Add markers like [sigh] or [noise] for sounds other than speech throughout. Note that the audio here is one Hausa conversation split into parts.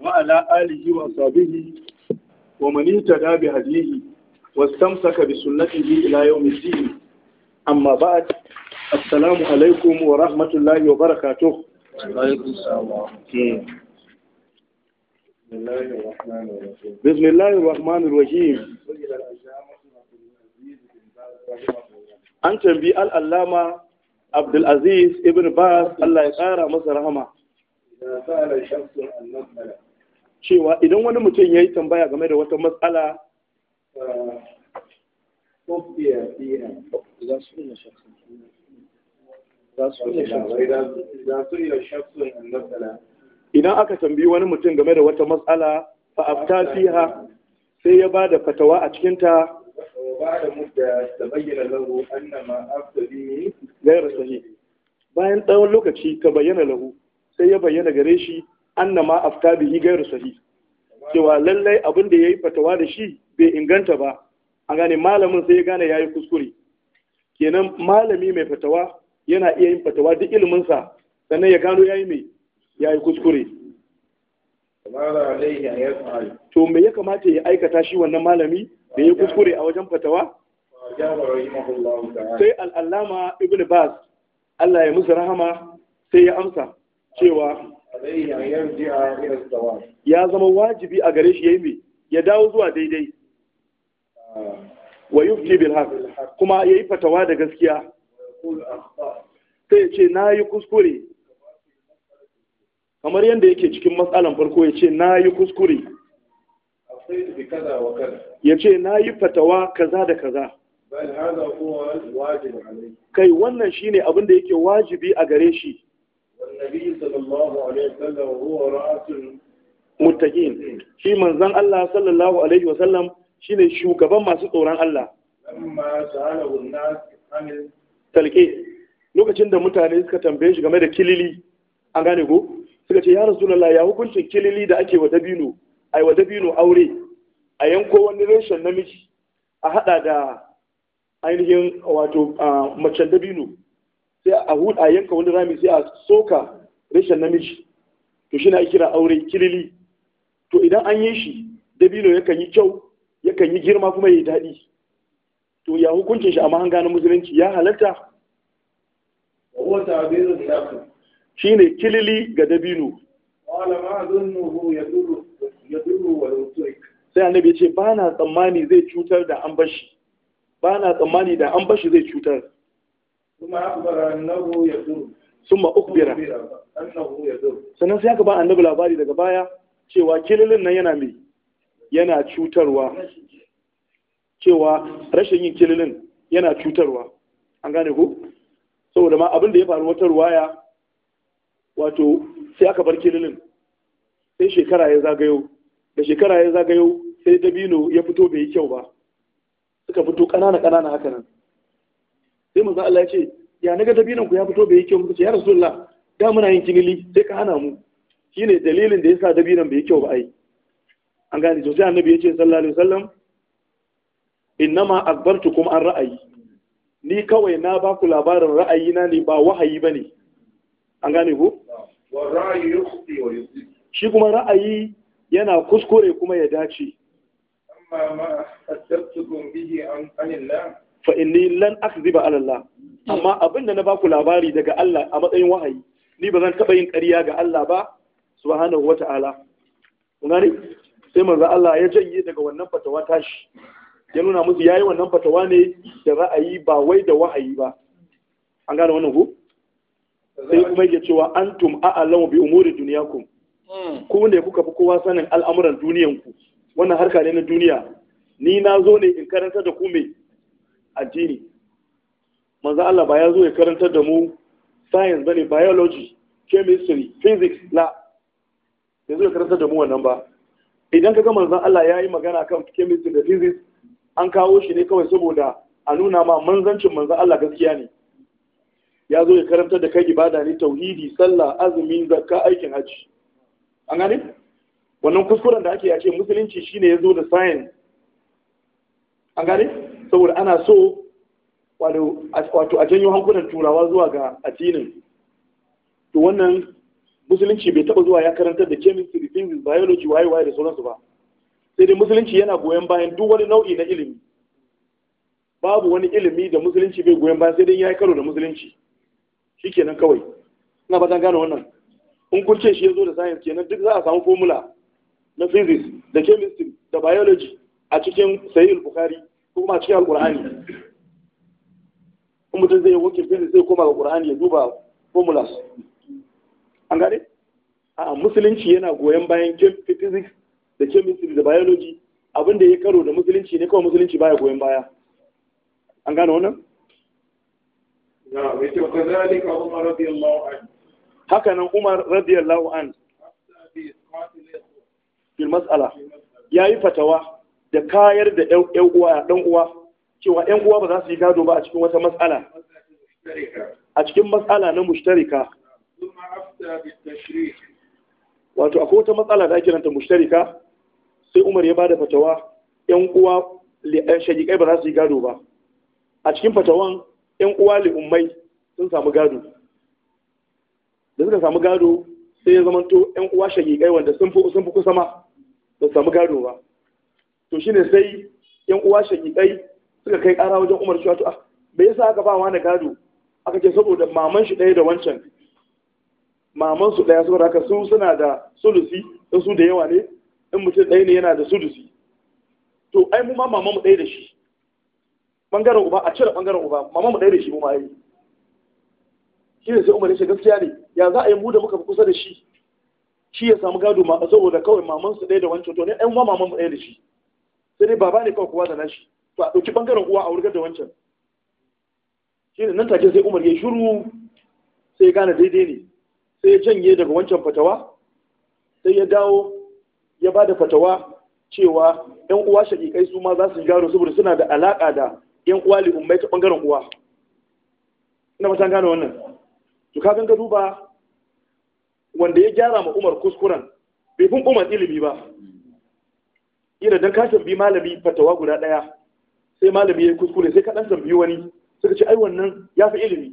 وعلى آله وأصحابه ومن اهتدى بهديه واستمسك بسنته إلى يوم الدين أما بعد السلام عليكم ورحمة الله وبركاته وعليكم السلام بسم الله الرحمن الرحيم an tambi al'allama abdulaziz ibn bas Allah ya ƙara masa rahama cewa idan wani mutum ya yi tambaya game da wata matsala uh, uh, uh, idan aka tambayi wani mutum game da wata matsala fa'afta fiha sai ya ba da fatawa a cikinta gairar bayan tsawon lokaci ta bayyana lahu sai ya bayyana gare shi annama afta bihi gairu sahi cewa lallai abin da yayi fatawa da shi bai inganta ba a gane malamin sai ya gane yayi kuskure kenan malami mai fatawa yana iya yin fatawa duk ilimin sa sannan ya gano yayi mai yayi kuskure to me ya kamata ya aikata shi wannan malami da ya kuskure a wajen fatawa sai al'allama ibn bas Allah ya musu rahama sai ya amsa cewa ya zama wajibi a gare shi ya yi ya dawo zuwa daidai wa yi bil haq kuma ya yi fatawa da gaskiya Ta ya ce na yi kuskure kamar yadda yake cikin matsalan farko ya ce na yi kuskure ya ce na yi fatawa kaza da kaza kai wannan shine abin da yake wajibi a gare shi والنبي صلى الله عليه وسلم هو رأس المتقين الله صلى الله عليه وسلم shine shugaban masu tsoron Allah talke lokacin da mutane suka tambaye shi game da kilili an gane ko suka ce ya rasulullah ya hukuncin kilili da ake wa dabino yi wa dabino aure a yanko wani reshen namiji a hada da ainihin wato macen dabino sai a huda yanka wani rami sai a soka rashin namiji to shi na kira aure kilili to idan an yi shi dabino yakan yi kyau yakan yi girma kuma ya yi daɗi to ya hukuncin shi a mahanga na musulunci ya halatta shi ne kilili ga dabino sai annabi ya ce ba na tsammani zai cutar da an bashi ba na tsammani da an bashi zai cutar ثم أخبر أنه sannan sai aka ba annabi labari daga baya cewa kililin nan yana mai yana cutarwa cewa rashin yin kililin yana cutarwa an gane ku? saboda ma abin da ya faru wata ruwaya wato sai aka bar kililin sai shekara ya zagayo da shekara ya zagayo sai dabino ya fito bai yi kyau ba suka fito ƙanana ƙanana haka nan sai manzo Allah ya ce ya naga dabinan ku ya fito bai yi kyau ku ce ya rasulullah da muna yin kinili sai ka hana mu shine dalilin da yasa dabinan bai yi kyau ba ai an gane to sai annabi ya ce sallallahu alaihi wasallam innama akbartukum an ra'ayi ni kawai na ba ku labarin ra'ayina ne ba wahayi bane an gane ko wa ra'ayi yukhti wa shi kuma ra'ayi yana kuskure kuma ya dace amma ma hadattukum bihi an anillah fa inni lan akziba ala Allah amma abinda na baku labari daga Allah a matsayin wahayi ni ba zan taba yin ƙarya ga Allah ba subhanahu wata'ala kun gane sai manzo Allah ya janye daga wannan fatawa tashi ya nuna musu yayi wannan fatawa ne da ra'ayi ba wai da wahayi ba an gane wannan ku sai kuma yake cewa antum a'lamu bi umuri dunyakum hmm. ku ne kuka fi kowa sanin al'amuran duniyanku wannan harka ne na duniya ni na zo ne in karanta da ku me addini manzo Allah ba ya zo ya karantar da mu science bane biology chemistry physics la ya zo ya karantar da mu wannan ba idan ka ga manzan Allah ya yi magana kan chemistry da physics an kawo shi ne kawai saboda a nuna ma manzancin manzo Allah gaskiya ne ya zo ya karantar da kai ibada ne tauhidi sallah azumi zakka aikin hajji an gane wannan kuskuren da ake ya ce musulunci shine ya zo da science an gane saboda ana so wato a janyo hankunan turawa zuwa ga addinin to wannan musulunci bai taba zuwa ya karantar da chemistry physics biology waye waye da sauransu ba sai dai musulunci yana goyon bayan duk wani nau'i na ilimi babu wani ilimi da musulunci bai goyon bayan sai dai ya yi karo da musulunci shikenan kawai ina ba gane wannan in kun ce shi ya zo da science kenan duk za a samu formula na physics da chemistry da biology a cikin sayil bukari ko kuma a cikin alkur'ani Kuma mutum zai wuce fiye zai koma ga alkur'ani ya duba formulas an gane a musulunci yana goyon bayan physics da chemistry da biology abin da ya karo da musulunci ne kawai musulunci baya goyon baya an gane wannan haka nan umar radiyallahu an fil mas'ala yayi fatawa da kayar da ‘yan uwa ɗan uwa cewa ‘yan uwa ba za su yi gado ba a cikin wata matsala a cikin matsala na mushtarika wato akwai wata matsala da ake ranta mushtarika sai umar ya bada fatawa ‘yan uwa eh, shagikai ba za su yi gado ba a cikin fatawan ‘yan uwa li'ummai sun samu gado da suka samu gado sai ya zamanto ‘yan uwa shagikai wanda sun fi kusa ma ba samu gado ba to shine sai yan uwa shagiɗai suka kai ƙara wajen umar cewa to ah, me yasa aka ba wani gado aka ce saboda maman shi ɗaya da wancan maman su ɗaya saboda haka su suna da sulusi in su da yawa ne in mutum ɗaya ne yana da sulusi to ai mu ma maman mu ɗaya da shi bangaren uba a cire bangaren uba maman mu ɗaya da shi mu ma ai shi ne sai umar ya ce gaskiya ne ya za a yi mu da muka fi kusa da shi shi ya samu gado ma saboda kawai maman su ɗaya da wancan to ne mu ma maman mu ɗaya da shi sai dai baba ne kawai kowa da nashi to a ɗauki ɓangaren uwa a wurgar da wancan ne nan take sai umar ya shiru sai ya gane daidai ne sai ya janye daga wancan fatawa sai ya dawo ya ba da fatawa cewa yan uwa shaƙiƙai su ma za su gado saboda suna da alaƙa da yan uwa li'ummai ta ɓangaren uwa ina ta gane wannan to ka ganga duba wanda ya gyara ma umar kuskuren bai fin umar ilimi ba Ina dan ka tambayi malami fatawa guda daya sai malami ya yi kuskure sai ka dan tambayi wani suka ce ai wannan ya fi ilimi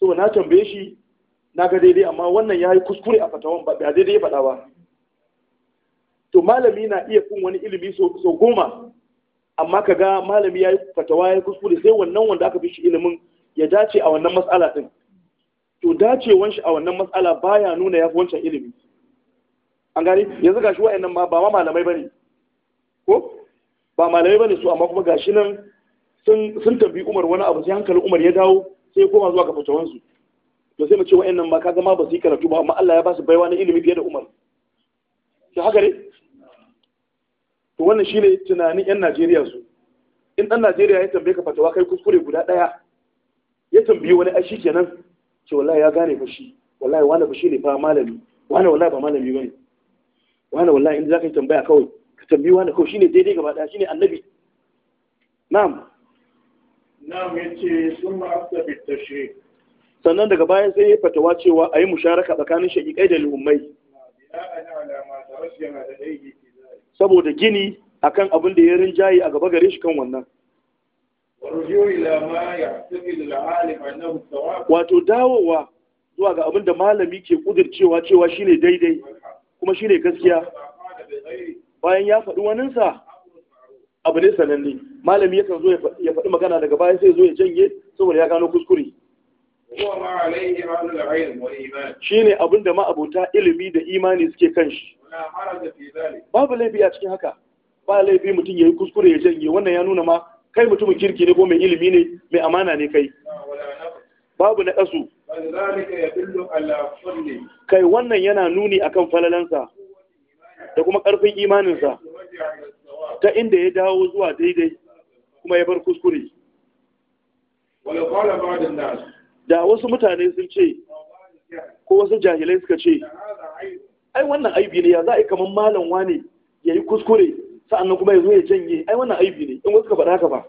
so na tambaye shi na ga daidai amma wannan ya yi kuskure a fatawan ba ba daidai ya faɗa ba to malami na iya kun wani ilimi sau goma amma ka ga malami ya yi fatawa ya yi kuskure sai wannan wanda aka fi shi ilimin ya dace a wannan matsala din, to dacewan shi a wannan matsala baya nuna yafi wancan ilimi an gane yanzu gashi wa'annan ma ba ma malamai bane ko ba malamai bane su amma kuma gashi nan sun sun tambayi Umar wani abu sai hankalin Umar ya dawo sai ya koma zuwa ga fatawan su to sai mu ce wa'annan ma kaga ma ba su yi karatu ba amma Allah ya ba su baiwa na ilimi fiye da Umar to haka ne to wannan shine tunanin yan Najeriya su in dan Najeriya ya tambaye ka fatawa kai kuskure guda daya ya tambayi wani ashi kenan ce wallahi ya gane fashi wallahi wani fashi ne fa malami wani wallahi ba malami bane wani wallahi inda za ka yi tambaya kawai ka tambi wani kawai shine daidai gaba ɗaya ne annabi na'am na'am ce sun ma'afta bi tashrik sannan daga bayan sai ya fatawa cewa a yi musharaka tsakanin shaƙiƙai da lumai. saboda gini akan abin da ya rinjaye a gaba gare shi kan wannan wato dawowa zuwa ga abin da malami ke kudircewa cewa shine daidai kuma shi ne gaskiya bayan ya faɗi waninsa abu ne sananne malami yakan zo ya faɗi magana daga bayan sai zo ya janye saboda ya gano kuskure shi ne abin da ma'abuta ilimi da imani suke kan shi babu laifi a cikin haka ba laifi mutum ya yi kuskure ya janye wannan ya nuna ma kai mutumin kirki ne ko mai ilimi ne mai amana ne kai babu na ƙasu kai wannan yana nuni akan falalansa da kuma ƙarfin imaninsa ta inda ya dawo zuwa daidai kuma ya bar kuskure da wasu mutane sun ce ko wasu jahilai suka ce ai wannan aibi ne ya za a yi kamar malam ne ya yi kuskure sa'annan kuma ya zo ya janye ai wannan aibi ne in wasu ka faɗa ka ba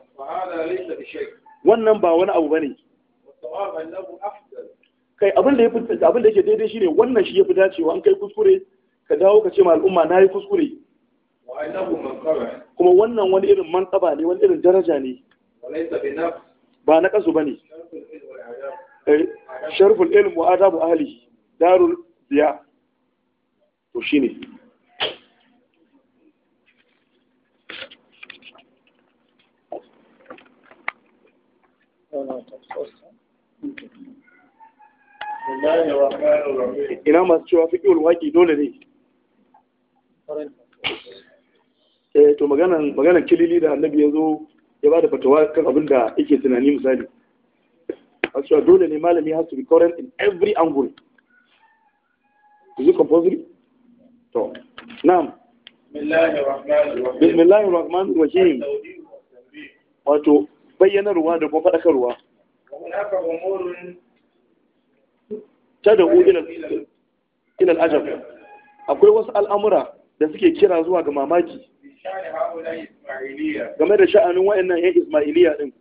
wannan ba wani abu ba ne kai abin da yafi abin da yake daidai shine wannan shi yafi dacewa an kai kuskure ka dawo ka ce ma al'umma na yi kuskure kuma wannan wani irin mantaba ne wani irin daraja ne ba na kasu bane eh, sharful ilm wa adabu ahli darul ziya to shine Thank you. ina masu cewa fiƙiwar walwaki dole ne eh to maganan kilili da annabi ya ya ba da fatawa kan abin da yake tunani misali a cewa dole ne malami has to be current in every angle is it compulsory to na'am bismillahir rahmanir rahim wato bayyanarwa da kuma faɗakarwa tad'u ila ila akwai wasu al'amura da suke kira zuwa ga mamaki game da sha'anin wayannan yan Ismailiya din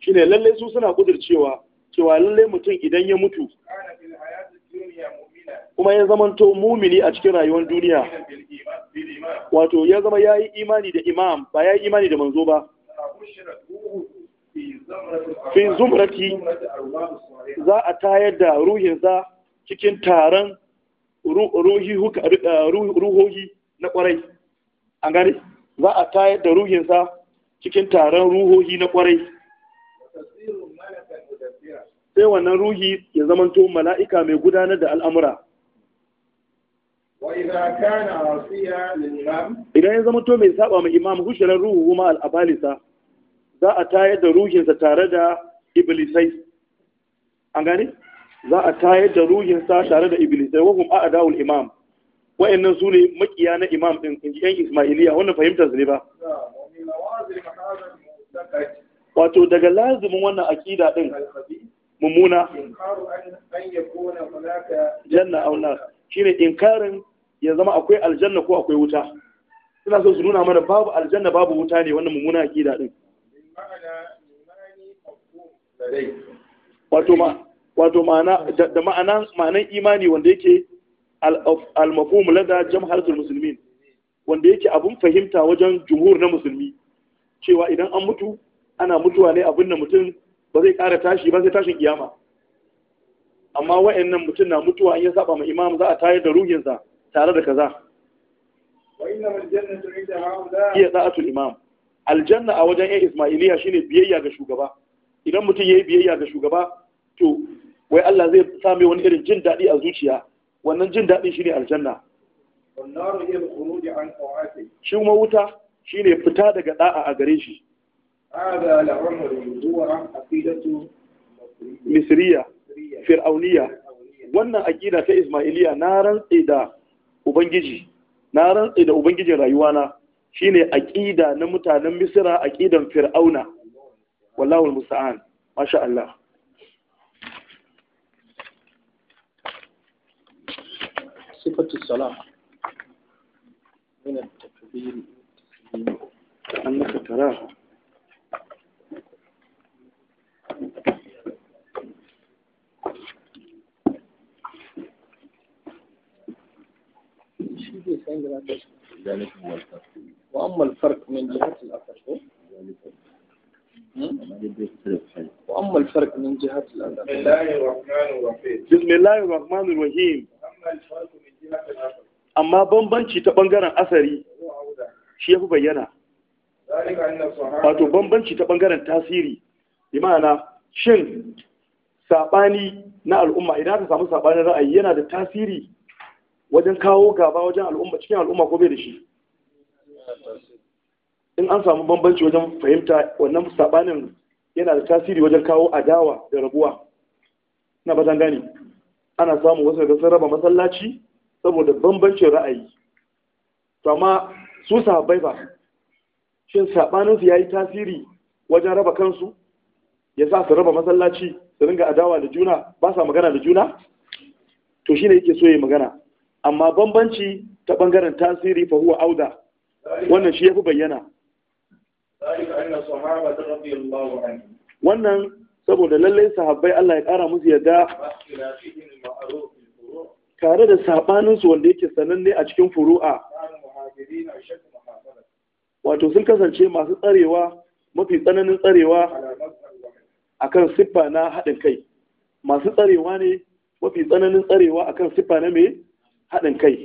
shine lalle su suna kudircewa cewa lalle mutum idan ya mutu kuma ya zama to mumini a cikin rayuwar duniya wato ya zama ya yi imani da imam ba ya yi imani da manzo ba fi zumrati za a tayar da ruhinsa cikin taron eh, ruhohi na kwarai an gane za a tayar da ruhinsa cikin taron ruhohi na kwarai sai wannan ruhi ya zamanto mala'ika mai gudanar da al'amura idan ya zamanto mai saba mai imam hushirar ruhu kuma al'abalisa za a tayar da ruhinsa tare da iblisai an gane za a tayar da ruhinsa tare da iblisai wahum dawul imam wayannan su ne makiya na imam din inji yan ismailiya wannan fahimtar su ne ba wato daga lazimin wannan akida din mummuna janna auna shine inkarin ya zama akwai aljanna ko akwai wuta suna so su nuna mana babu aljanna babu wuta ne wannan mummuna akida din wato ma'anan imani wanda yake al-mafhum lada jama'atul musulmi, wanda yake abin fahimta wajen jumhur na musulmi cewa idan an mutu ana mutuwa ne abin da mutum ba zai ƙara tashi ba sai tashin kiyama amma wa'annan mutum na mutuwa an yi saba ma imam za a tayar da ruhinsa tare da kaza iya da'atul imam aljanna a wajen yan ismailiya shine biyayya ga shugaba idan mutum ya yi biyayya ga shugaba to wai Allah zai sa wani irin jin daɗi a zuciya wannan jin daɗin shine aljanna shi kuma wuta shine fita daga ɗa'a a gare shi misriya fir'auniya wannan aƙida ta ismailiya na rantse da ubangiji na rantse da ubangijin rayuwana shine aqida na mutanen Misra aqidan Fir'auna wallahu almusta'an masha Allah sifatu salah salam min شيء ثاني annaka taraha ذلك هو التفصيل وأما الفرق من جهة الأثر وأما الفرق من جهة الأثر بسم الله الرحمن الرحيم بسم الله الرحمن الرحيم الفرق من جهة الأثر amma bambanci ta bangaren asari shi ya fi bayyana wato bambanci ta ɓangaren tasiri imana shin saɓani na al'umma idan aka samu saɓanin ra'ayi yana da tasiri wajen kawo gaba wajen al'umma cikin al'umma ko da shi in an samu bambanci wajen fahimta wannan sabanin yana da tasiri wajen kawo adawa da rabuwa na bazan gane ana samu wasu da sun raba masallaci saboda bambancin ra'ayi to amma su sahabbai ba shin sabanin su yayi tasiri wajen raba kansu ya sa su raba masallaci su ringa adawa da juna ba sa magana da juna to shine yake so yayi magana amma bambanci ta bangaren tasiri fa huwa auda wannan shi yafi bayyana wannan saboda lallai sahabbai Allah ya kara musu yadda tare da sabanin su wanda yake sananne a cikin furu'a wato sun kasance masu tsarewa mafi tsananin tsarewa akan siffa na haɗin kai masu tsarewa ne mafi tsananin tsarewa akan siffa na mai haɗin kai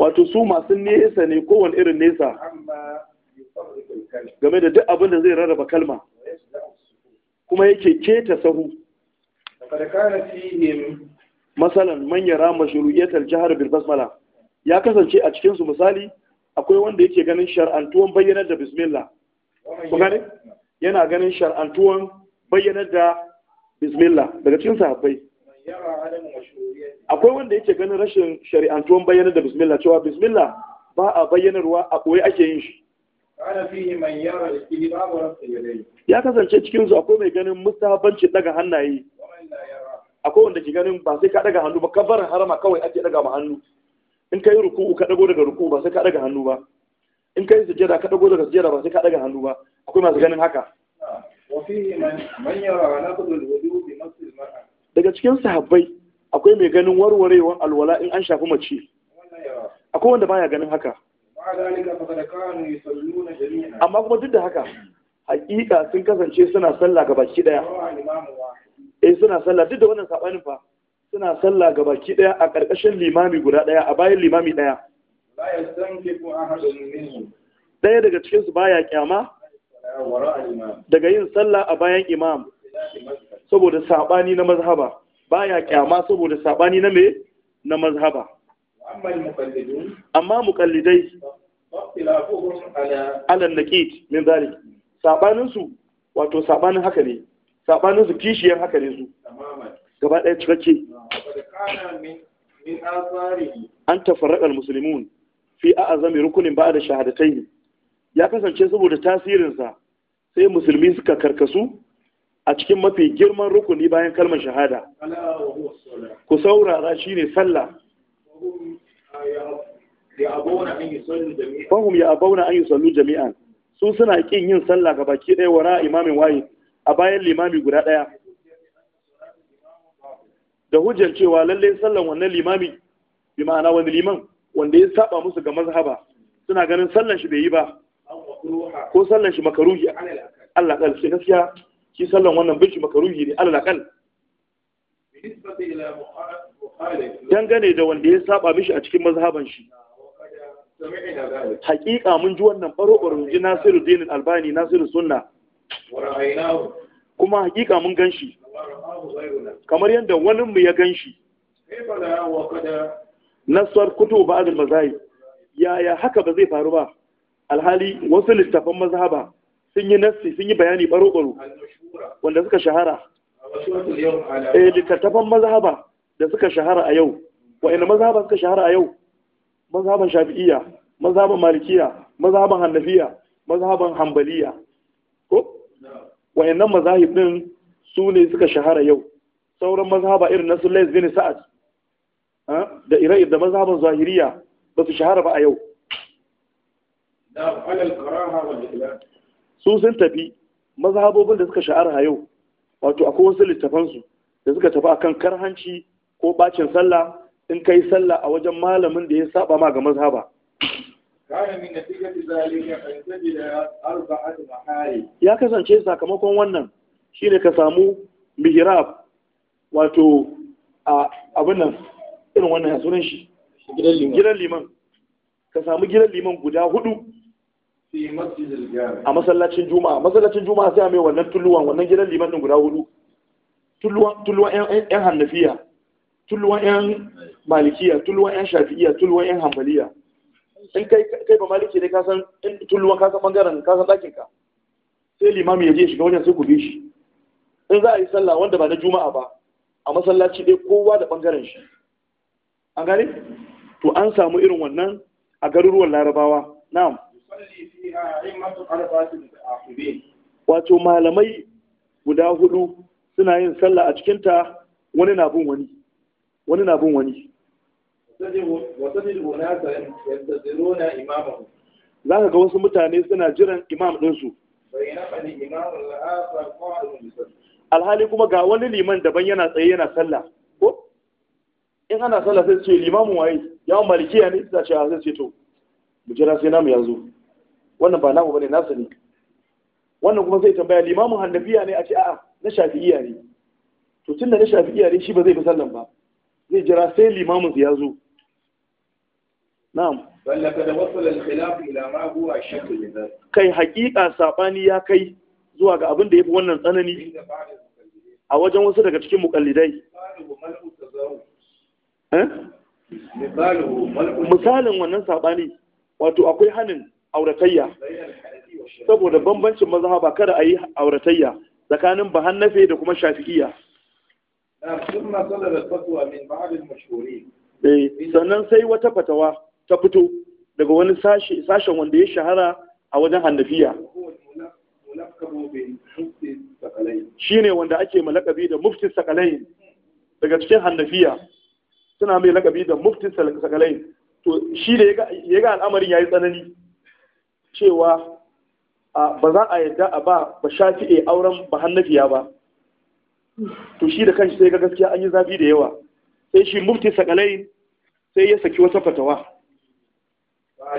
wato su masu nesa ne kowane irin nesa game da duk abin da zai rarraba kalma kuma yake keta sahu masalan manyan rama shuru'iyatar jihar bilbasmala ya kasance a cikinsu misali akwai wanda yake ganin shar'antuwan bayyanar da bismillah yana ganin shar'antuwan bayyanar da bismillah daga cikin sahabbai akwai wanda yake ganin rashin shari'antuwan bayyana da bismillah cewa bismillah ba a bayyanarwa a ɓoye ake yin shi ya kasance cikin su akwai mai ganin mustahabanci daga hannaye akwai wanda ke ganin ba sai ka daga hannu ba ka bar harama kawai ake daga ma hannu in ka yi ruku'u ka dago daga ruku'u ba sai ka daga hannu ba in ka yi sujjada ka dago daga sujjada ba sai ka daga hannu ba akwai masu ganin haka daga cikin sahabbai akwai mai ganin warwarewar alwala in an shafi mace akwai wanda baya ganin haka amma kuma duk da haka hakika sun kasance suna sallah ga baki daya eh suna sallah duk da wannan sabanin fa suna sallah ga baki daya a karkashin limami guda daya a bayan limami daya daya daga cikin su baya kyama daga yin sallah a bayan imam saboda sabani na mazhaba ya kyama saboda sabani na me na mazhaba amma muqallidai ala naqit min zalik sabanin su wato sabanin haka ne sabanin su kishiyar haka ne su gaba ɗaya cikakke an tafarraƙar musulmin fi a azami rukunin ba da shahadatai ya kasance saboda tasirinsa sai musulmi suka karkasu a cikin mafi girman rukuni bayan kalmar shahada ku saurara shi ne sallah fahim ya abauna an yi sallu jami'an su suna kin yin sallah ga baki ɗaya wara imamin waye a bayan limami guda ɗaya da hujjar cewa lallai sallan wannan limami bi ma'ana wani liman wanda ya saba musu ga mazhaba suna ganin sallan shi bai yi ba ko sallan shi makaruhi Allah ƙarfi gaskiya shi sallan wannan bishi makaruhi ne alal akal dangane da wanda ya saba mishi a cikin mazhaban shi Haƙiƙa mun ji wannan baro baro ji Nasiru Dinin Albani Nasiru Sunna kuma haƙiƙa mun ganshi kamar yadda wani mu ya ganshi nasar kutu ba'd al-mazahib yaya haka ba zai faru ba alhali wasu littafan mazhaba sun yi nassi sun yi bayani baro-baro wanda suka shahara eh littattafan mazhaba da suka shahara a yau wa'ina mazhaba suka shahara a yau mazhaban shafi'iyya mazhaban malikiya mazhaban hannafiya mazhaban hambaliya ko wa'annan mazahib din su ne suka shahara yau sauran mazhaba irin na sulais bin sa'ad da ire da mazhaban zahiriya ba su shahara ba a yau su sun tafi mazhabobin da suka sha'ar yau wato akwai wasu littafansu da suka tafi akan karhanci ko bacin sallah in kai sallah a wajen malamin da ya saba ma ga mazhaba ya kasance sakamakon wannan shine ka samu mihrab wato a abin nan irin wannan ya sunan shi gidan liman ka samu gidan liman guda hudu a masallacin juma'a masallacin juma'a sai a mai wannan tulluwan wannan gidan liman din guda hudu tulluwan yan hannafiya tulluwan yan malikiya tulluwan yan shafi'iya tulluwan yan hanbaliya in kai ba maliki ne kasan tulluwan ka bangaren kasan dakin ka sai limami ya je shiga wajen sai ku bi shi in za a yi sallah wanda ba na juma'a ba a masallaci dai kowa da bangaren shi an gane to an samu irin wannan a garuruwan larabawa na'am wato malamai guda hudu suna yin sallah a cikinta wani na bin wani wani na bin wani za ka ga wasu mutane suna jiran imam ɗinsu alhali kuma ga wani liman daban yana tsaye yana sallah ko in ana sallah sai ce limamin waye yawon malikiya ne za ce a sai ce to mu jira sai namu ya zo wannan ba namu bane nasa ne wannan kuma zai tambaya limamin hannafiya ne a ce a'a na shafi'iya ne to tunda na shafi'iya ne shi ba zai fi sallan ba zai jira sai limamin ya zo na'am bal laqad wasala al-khilaf ila ma huwa ashaddu kai haƙiƙa sabani ya kai zuwa ga abin da yafi wannan tsanani a wajen wasu daga cikin mukallidai eh? misalin wannan sabani wato akwai hanin auratayya saboda bambancin mazhaba kada a yi auratayya tsakanin bahannafe da kuma shafi'iyya eh, sannan sai wata fatawa ta fito daga wani sashen wanda ya shahara a wajen hannafiya shi ne wanda ake malakabi da muftin sakalai daga cikin hannafiya suna mai lakabi da muftin sakalai to shi da ya ga al'amarin ya yi tsanani cewa ba za a yadda a ba ba a auren ba hannafiya ba to shi da kanshi sai ga gaskiya an yi zafi da yawa sai shi mufti sakalai sai ya saki wata fatawa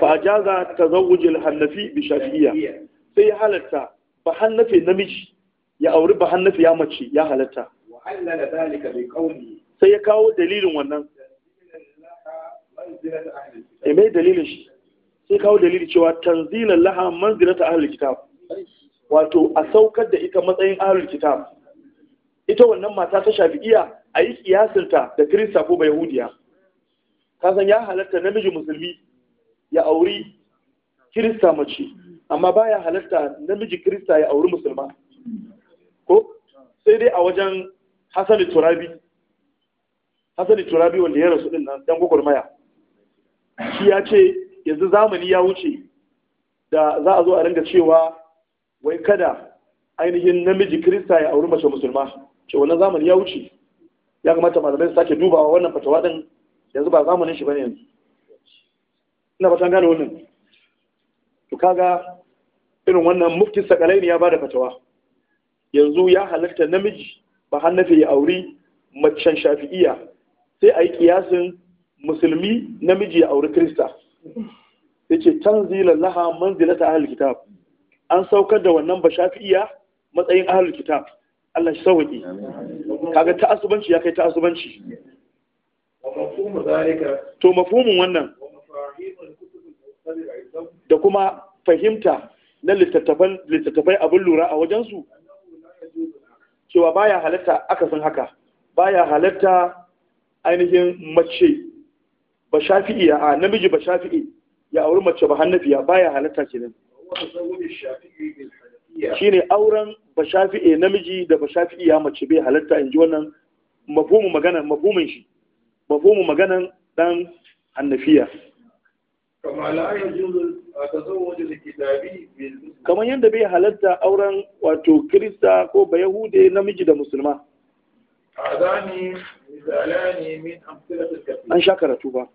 fa ajaza tazawuj al hannafi bi shafi'iyya sai ya halatta ba hannafi namiji ya auri ba hannafi ya mace ya halatta sai ya kawo dalilin wannan eh mai dalilin shi sai kawo dalili cewa tanzilan laha manzilata ahlul kitab wato a saukar da ita matsayin ahlul kitab ita wannan mata ta shafi iya a yi kiyasinta da kirista ko bai yahudiya kasan ya halatta namiji musulmi ya auri kirista mace amma ba ya halatta namiji kirista ya auri musulma ko sai dai a wajen hasali turabi hasali turabi wanda ya rasu din nan dan gwagwarmaya shi ya ce yanzu zamani ya wuce da za a zo a ringa cewa wai kada ainihin namiji kirista ya auri mace musulma ce wannan zamani ya wuce ya kamata malamai su sake dubawa wannan fatawa din yanzu ba zamanin shi bane yanzu ina fatan gane wannan to kaga irin wannan mufti sakalai ne ya bada fatawa yanzu ya halatta namiji ba hannafe ya auri macen shafi'iya sai a yi kiyasin musulmi namiji ya auri kirista yace tanzilan laha manzilata ahlul kitab an saukar da wannan bashafiya matsayin ahlul kitab Allah shi sauki kaga asubanci ya kai ta asubanci to mafhumin wannan da kuma fahimta na littattafai abin lura a wajensu cewa baya halatta akasin haka baya halatta ainihin mace ba shafi'i a namiji ba shafi'i ya auri mace ba hannafiya baya halatta kenan shine auren ba shafi'i namiji da ba shafi'i ya mace bai halatta in ji wannan mafhumu magana mafhumin shi mafhumu magana dan hannafiya kamar yadda bai halatta auren wato kirista ko ba yahude namiji da musulma an sha karatu ba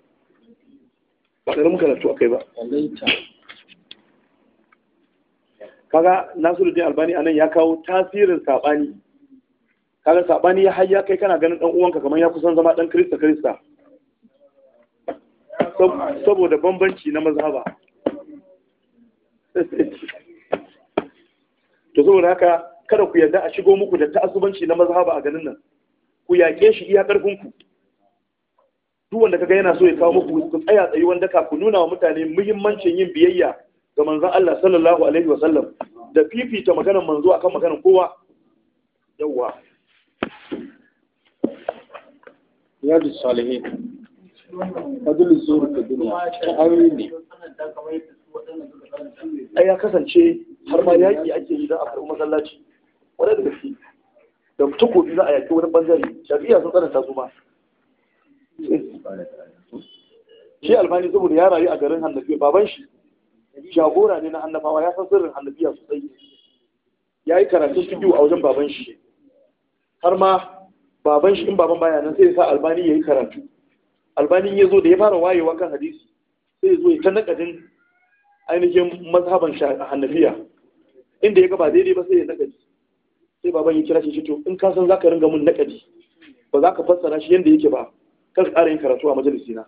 ba ƙaramin karatu akai ba kaga nasiruddin albani anan ya kawo tasirin saɓani kaga saɓani ya hayya kai kana ganin ɗan uwanka kamar ya kusan zama ɗan krista krista saboda bambanci na mazhaba to saboda haka kada ku yarda a shigo muku da ta'assubanci na mazhaba a ganin nan ku yaƙe shi iya ƙarfinku duk wanda kaga yana so ya kawo muku ku tsaya tsayi wanda ka ku nuna wa mutane muhimmancin yin biyayya ga manzon Allah sallallahu alaihi wasallam da fifita maganar manzo akan maganar kowa yawwa riyadu salihin fadil zuhur ta duniya ta aure ne ai ya kasance har ma yaƙi ake yi don a karɓi masallaci wadda da shi da takobi za a yaƙi wani ɓangare shafi'a sun tsananta su ma shi albani saboda ya rayu a garin hannafiya baban shi jagora ne na hannafawa ya san sirrin a sosai ya yi karatun fikiyu a wajen baban shi har ma baban shi in baban baya nan sai ya sa albani ya yi karatu albani ya zo da ya fara wayewa kan hadisi sai ya zo ya ta kadin ainihin mazhaban shi a hannafiya inda ya ga ba daidai ba sai ya nakadi sai baban ya kira shi to in ka san zaka ringa mun nakadi ba za ka fassara shi yadda yake ba kar ka ƙara yin karatu a majalisi na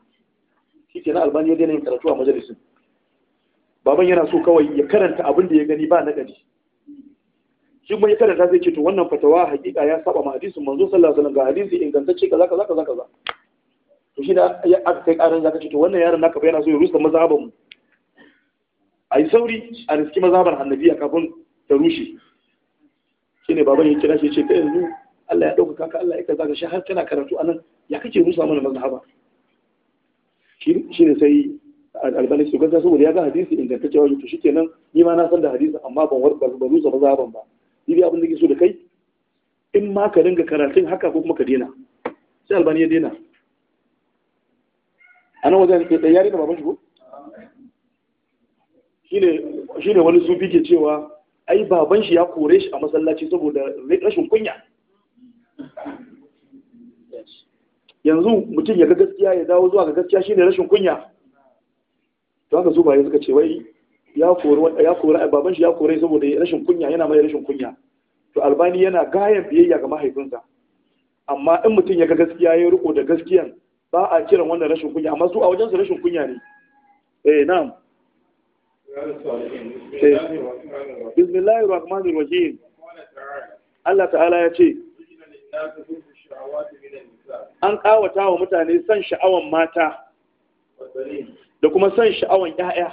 shi ke na albani ya daina yin karatu a majalisin baban yana so kawai ya karanta abin da ya gani ba na gani shi kuma ya karanta zai ce to wannan fatawa hakika ya saba ma hadisin manzo sallallahu alaihi wasallam ga hadisi ingantacce kaza kaza kaza kaza to shi da ya aka kai karin zaka ce to wannan yaron naka yana so ya rusa mazhaban mu ai sauri a riski mazhaban a kafin ta rushe shine baban ya kira shi ya ce ta yanzu Allah ya ɗauka ka Allah ya kaza ka shi har tana karatu anan ya kace musa mana mazhaba shi ne sai albani su gaza saboda ya ga hadisi ingantacce wajen to shikenan ni ma na san da hadisi amma ban war ban rusa mazhaban ba ni dai abin da ke so da kai in ma ka dinga karatun haka ko kuma ka daina sai albani ya daina a nan wajen ke eh, yari da baban shi ko ne wani sufi ke cewa ai baban shi ya kore shi a masallaci saboda rashin kunya yanzu mutum ya ga gaskiya ya dawo zuwa ga gaskiya shine rashin kunya to haka zuba ya suka ce wai ya kori ya kori baban shi ya kore saboda rashin kunya yana mai rashin kunya to albani yana gayan biyayya ga mahaifinsa amma in mutum ya ga gaskiya ya riko da gaskiyan ba a kiran wannan rashin kunya amma su a wajensu rashin kunya ne eh na'am eh. bismillahir rahmanir rahim Allah ta'ala ya ce an ƙawata wa mutane son sha'awan mata da kuma son sha'awan 'ya'ya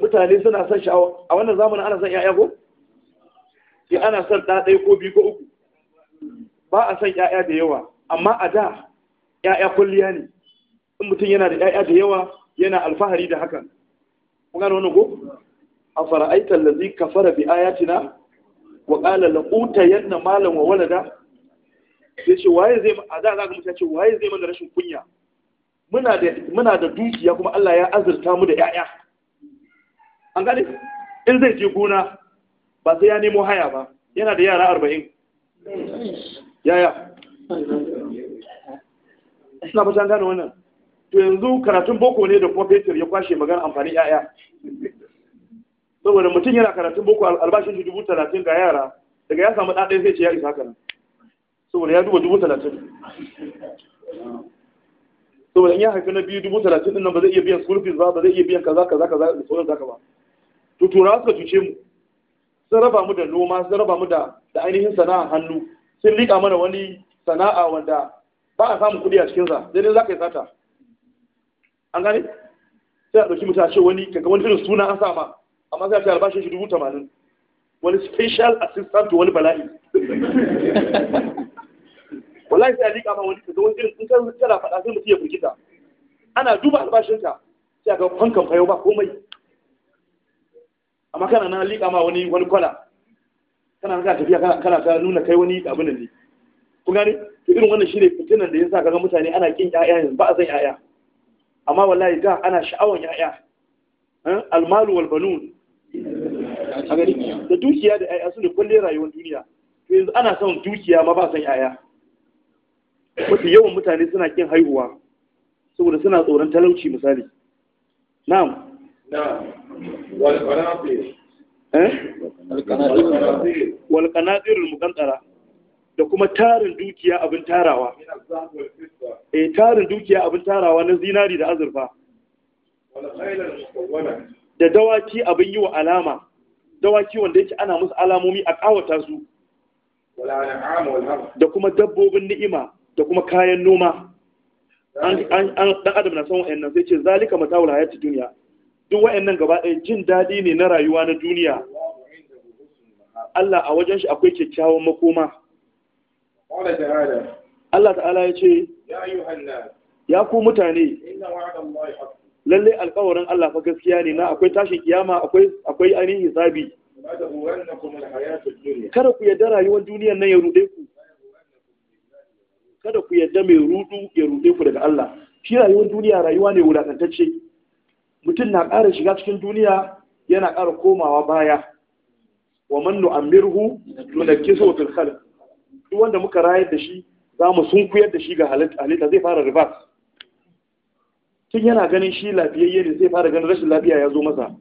mutane suna son sha'awa a wannan zamanin ana son 'ya'ya ko? ya ana son ɗaɗai ko biyu ko uku ba a son 'ya'ya da yawa amma a da 'ya'ya kulliya ne in mutum yana da 'ya'ya da yawa yana alfahari da hakan kun gano wani ko a fara'aitar lazi kafara bi ayatina wa qala la yadda malam wa walada sai ce waye zai a za ga mutum ce waye zai mana rashin kunya muna da muna da dukiya kuma Allah ya azurta mu da 'ya'ya. an gane in zai je gona ba sai ya nemo haya ba yana da yara arba'in yaya ina ba gane wannan to yanzu karatun boko ne da kuma ya kwashe magana amfani yaya saboda mutum yana karatun boko albashin shi dubu talatin ga yara daga ya samu ɗaɗai zai ce ya isa haka saboda ya duba dubu talatin saboda in ya haifi na biyu dubu talatin din nan ba zai iya biyan school fees ba ba zai iya biyan kaza kaza kaza da sauran zaka ba to tura suka cuce mu sun raba mu da noma sun raba mu da da ainihin sana'a hannu sun liƙa mana wani sana'a wanda ba a samun kuɗi a cikinsa sai dai za ka yi sata an gane sai a ɗauki mutum a ce wani kaga wani irin suna an sa ma amma sai a ce albashin shi dubu tamanin wani special assistant to wani bala'i [laughs] wallahi sai a liƙa ma wani kaga wani irin in kan kana faɗa sai mutum ya firgita ana duba albashinka sai ga fankan fayo ba komai amma kana na liƙa ma wani wani kwala kana kana tafiya kana ta nuna kai wani abin ne kun gane to irin wannan shine fitinan da yasa kaga mutane ana kin ƴaƴa yanzu ba a san ƴaƴa amma wallahi da ana sha'awan ƴaƴa eh? almalu wal banun da dukiya da ƴaƴa su ne kullun rayuwar duniya to yanzu ana son dukiya ma ba san ƴaƴa mafi yawan mutane suna kin haihuwa saboda suna tsoron talauci misali na'am wal qanatir eh? da kuma tarin dukiya abin tarawa eh tarin dukiya abin tarawa na zinari da azurfa da dawaki abin yi wa alama dawaki wanda yake ana musu alamomi a kawata su da kuma dabbobin ni'ima da kuma kayan noma an dan adam na san wa'annan sai ce zalika mata'ul hayati duniya duk wa'annan gaba ɗaya jin daɗi ne na rayuwa na duniya Allah a wajen shi akwai kyakkyawan makoma Allah ta'ala ya ce ya ku mutane lalle alkawarin Allah fa gaskiya ne na akwai tashin kiyama akwai akwai ainihin hisabi kada ku yarda rayuwar duniyar nan ya rude ku kada ku yarda mai rudu ya rude ku daga Allah shi rayuwar duniya rayuwa ne wulatantacce mutum na ƙara shiga cikin duniya yana ƙara komawa baya wa man nu'ammirhu nunakkisu fil khalq duk wanda muka rayar da shi za mu sunkuyar da shi ga halitta zai fara reverse tun yana ganin shi lafiyayye ne zai fara ganin rashin lafiya ya zo masa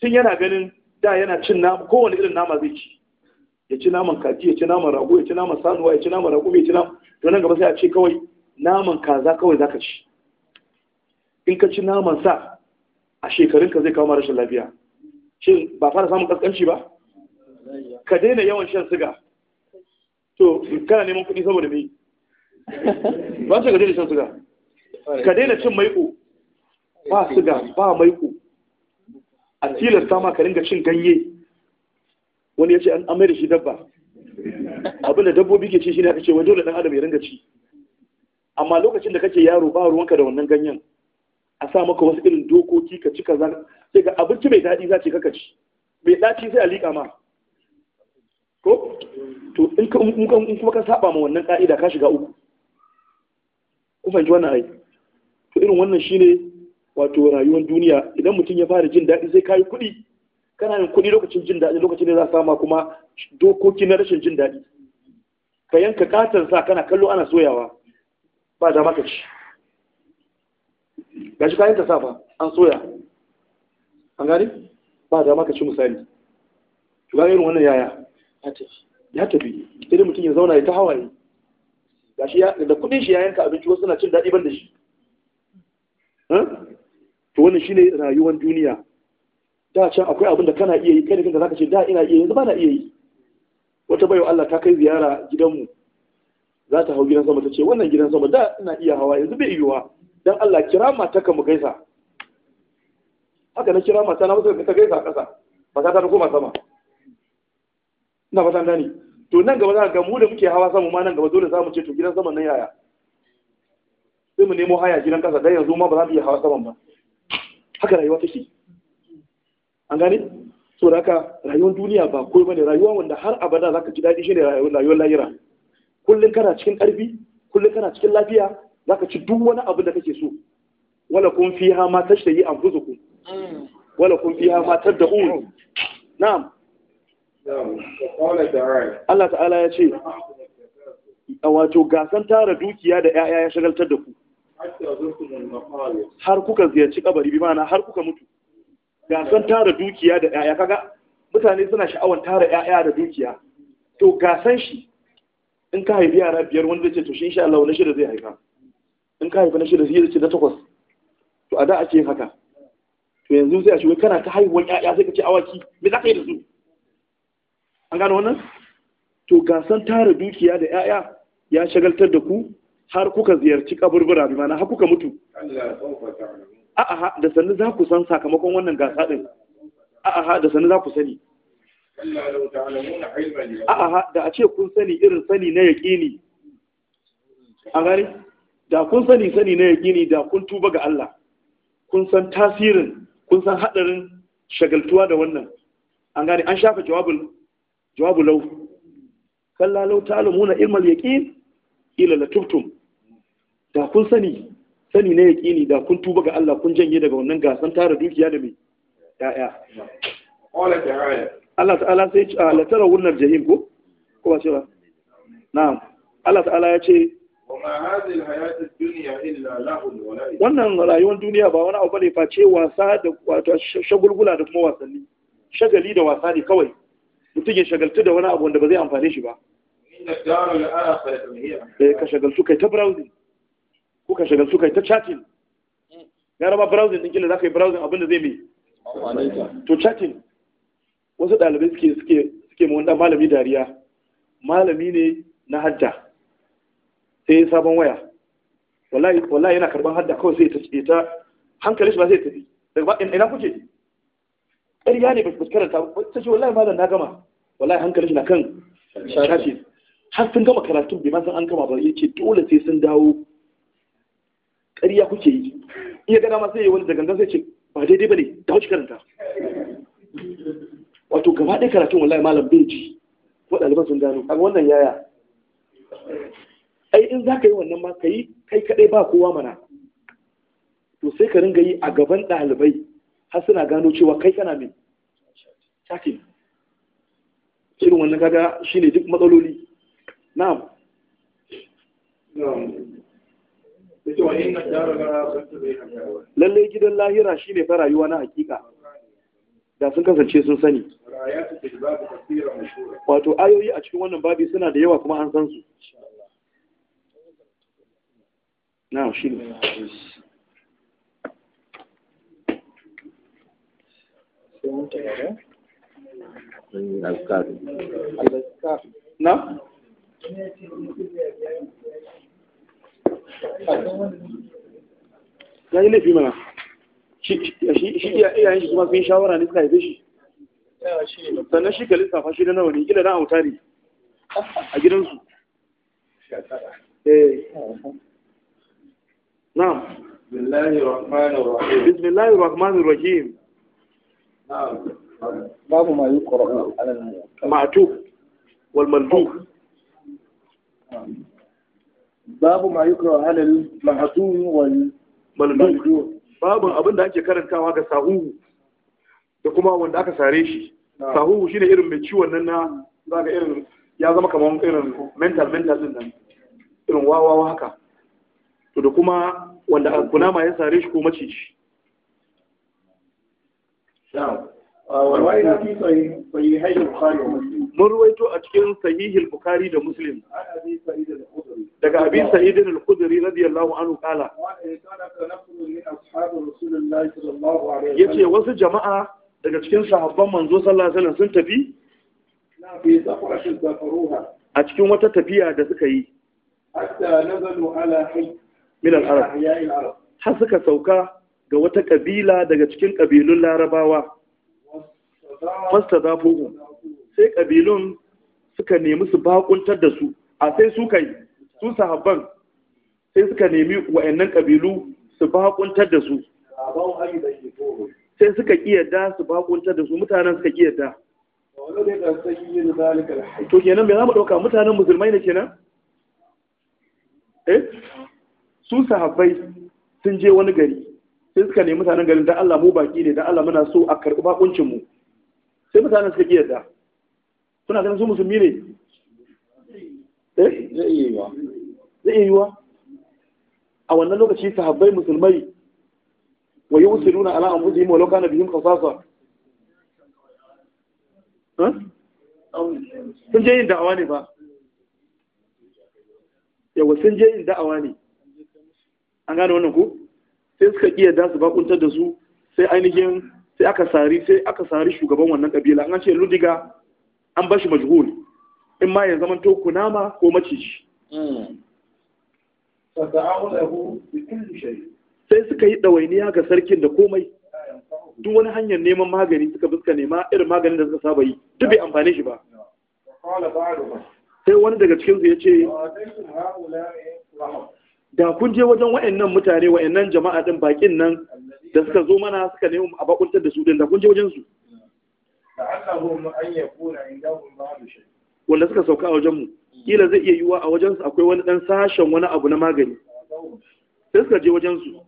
tun yana ganin da yana cin nama kowane irin nama zai ci ya ci naman kaji ya ci naman rago ya ci naman sanuwa ya ci naman rago ya ci naman don nan gaba sai a ce kawai naman kaza kawai za ka ci in ka ci naman sa a shekarun ka zai kawo rashin lafiya shin ba fara samun kaskanci ba ka daina yawan shan siga to kana neman kuɗi saboda me ba ce ka daina shan siga ka daina cin maiko ba siga ba maiko a tilasta ma ka ringa cin ganye wani ya ce an amai da shi dabba abin da dabbobi ke ci shine aka ce wai dole dan adam ya ringa ci amma lokacin da kake yaro ba ruwanka da wannan ganyen a sa maka wasu irin dokoki ka ci kaza sai ga abinci mai daɗi za ce kaka ci mai ɗaci sai a liƙa ma ko to in kuma ka saba ma wannan ƙa'ida ka shiga uku ku fahimci wannan ai to irin wannan shine wato rayuwar duniya idan mutum ya fara jin daɗi sai kayi kuɗi kana yin kuɗi lokacin jin daɗi lokacin da za a sama kuma dokoki na rashin jin daɗi ka yanka katon sa kana kallo ana soyawa ba da maka ci shi kayan ta safa an soya an gani ba da maka ci misali shugaban irin wannan yaya ya tafi sai mutum ya zauna ya ta hawaye gashi da kuɗin shi ya yanka abinci wasu suna cin daɗi ban da shi to wannan shine rayuwar duniya ta can akwai abin da kana iya yi kai da zaka ce da ina iya yanzu ba na iya yi wata baiwa Allah ta kai ziyara gidanmu za ta hau gidan sama ta ce wannan gidan sama da ina iya hawa yanzu bai yiwuwa dan Allah kira mata ka mu gaisa haka na kira mata na musu ta gaisa a ƙasa ba ta ta koma sama ina fatan gani to nan gaba za ka ga mu da muke hawa sama ma nan gaba dole za mu ce to gidan sama nan yaya sai mu nemo haya gidan ƙasa dan yanzu ma ba za mu iya hawa saman ba haka rayuwa take gane so da ka, rayuwar duniya ba koi bane rayuwa wanda har abada zaka ji daɗi shine rayuwar lahira kullum kana cikin karfi kullum kana cikin lafiya zaka ci duk wani abu da kake so wala kun fiha ma tashtahi anfusukum wala kun fiha ma tad'un na'am Allah ta'ala ya ce a wato gasan tara dukiya da 'ya'ya ya shagaltar da ku har kuka ziyarci kabari bi ma'ana har kuka mutu gasan tara dukiya da ƴaƴa kaga mutane suna sha'awar tara ƴaƴa da dukiya to gasan shi in ka haifi yara biyar wani zai ce to shi insha Allah na shida zai haifa in ka haifi na shida zai ce na takwas to a da ake yin haka to yanzu sai a ce kana ta haihuwar ƴaƴa sai ka ce awaki me za ka yi da su an gano wannan to gasan tara dukiya da ƴaƴa ya shagaltar da ku har kuka ziyarci kaburbura bi ma'ana har kuka mutu a'a da sannu za ku san sakamakon wannan gasa din a'a da sannu za ku sani a'a da a ce kun sani irin sani na yaƙini a gani da kun sani sani na yaƙini da kun tuba ga Allah kun san tasirin kun san haɗarin shagaltuwa da wannan an gani an shafa jawabul jawabu law kalla law ta'lamuna ilmal yaqin ila latuftum da kun sani sani na ni da kun tuba ga Allah kun janye daga wannan gasan tara dukiya da mai ya'ya Allah ta'ala sai a latara wunar jahim ko ko ba ce ba na'am Allah ta'ala ya ce wannan rayuwar duniya ba wani abu bane face wasa da wato shagulgula da kuma wasanni shagali da wasa ne kawai mutum ya shagaltu da wani abu wanda ba zai amfane shi ba ya eh, ka shagaltu kai ta browsing kuka shiga suka yi ta chatting ya mm. raba browsing din kila za ka yi browsing abinda zai mai to chatting wasu ɗalibai suke suke suke ma wanda malami dariya malami ne na hadda sai sabon waya wallahi wallahi yana karban hadda kawai sai ta ta hankali shi ba sai tafi daga ina kuke ƙarya ne ba su karanta ba ta ce wallahi malam na gama wallahi hankali shi na kan shafi har sun gama karatun bai ma san an gama ba yace dole sai sun dawo ƙarya kuke yi in ya gada ma sai ya wani dagangan sai ce ba daidai ba ne da wuce karanta wato gaba ɗaya karatun wallahi malam bai ji ko ɗaliban sun gano a wannan yaya ai in za ka yi wannan ma ka yi kai kaɗai ba kowa mana to sai ka ringa yi a gaban ɗalibai har suna gano cewa kai kana mai shakin irin wannan kaga shine duk matsaloli na'am lallai gidan lahira shi ne fara rayuwa na hakika da sun kasance sun sani wato ayoyi a cikin wannan babi suna da yawa kuma an san su na shi ne na ya yi laifi mana shi iyayen shi kuma sun shawara ne suka haife shi sannan shi ka safa shi na nawa ne gina na auta ne a gidansu eh. na'am bismillahi rahmanir rahim babu ma yi ƙwararru alal ma'atu wal babu ma yukra halal mahzum wal malmum babu abin da ake karantawa ga sahuhu da kuma wanda aka sare shi sahuhu shine irin mai ciwon nan na zaka irin ya zama kamar irin mental mental din nan irin wawawa haka to da kuma wanda kunama ya sare shi ko shi na'am uh, wa na fi yi sahih bukhari wa muslim mun ruwaito a cikin sahihil bukhari da muslim daga abin sa'idin al-khudri radiyallahu anhu kala ya ce wasu jama'a daga cikin sahabban manzo sallallahu alaihi sun tafi a cikin wata tafiya da suka yi min har suka sauka ga wata kabila daga cikin kabilun larabawa fasta zafuhum sai ƙabilun suka nemi su bakuntar da su a sai su kai su sahabban sai suka nemi wa'annan ƙabilu su bakuntar da su sai suka kiyarda su bakuntar da su mutanen suka kiyarda to kenan bai za mu ɗauka mutanen musulmai ne kenan eh su sahabbai sun je wani gari sai suka nemi mutanen garin da Allah mu baki ne da Allah muna so a karɓi bakuncin mu sai mutanen suka kiyarda suna ganin su musulmi ne eh? zai iya yiwa a wannan lokaci habbai musulmai wa ala'an ala ma lokacin da bihim kasasa sun je yin da'awa ne ba yawa sun je yin da'awa ne an gane wannan ku sai suka iya da su bakuntar da su sai ainihin sai aka sari sai aka sari shugaban wannan kabila an ce ludiga an ba shi majhul in ma ya zama to kunama ko maciji hmm. sai suka yi ɗawainiya ga sarkin da komai duk wani hanyar neman magani suka fuska nema irin maganin da suka saba yi duk bai amfani shi ba sai wani daga cikinsu ya ce da kun je wajen wa'annan mutane wa'annan jama'a din bakin nan da suka zo mana suka nemi a bakuntar da su din da kun je wajen su wanda suka sauka a wajenmu kila zai iya yiwuwa a wajensu akwai wani ɗan sashen wani abu na magani sai suka je wajensu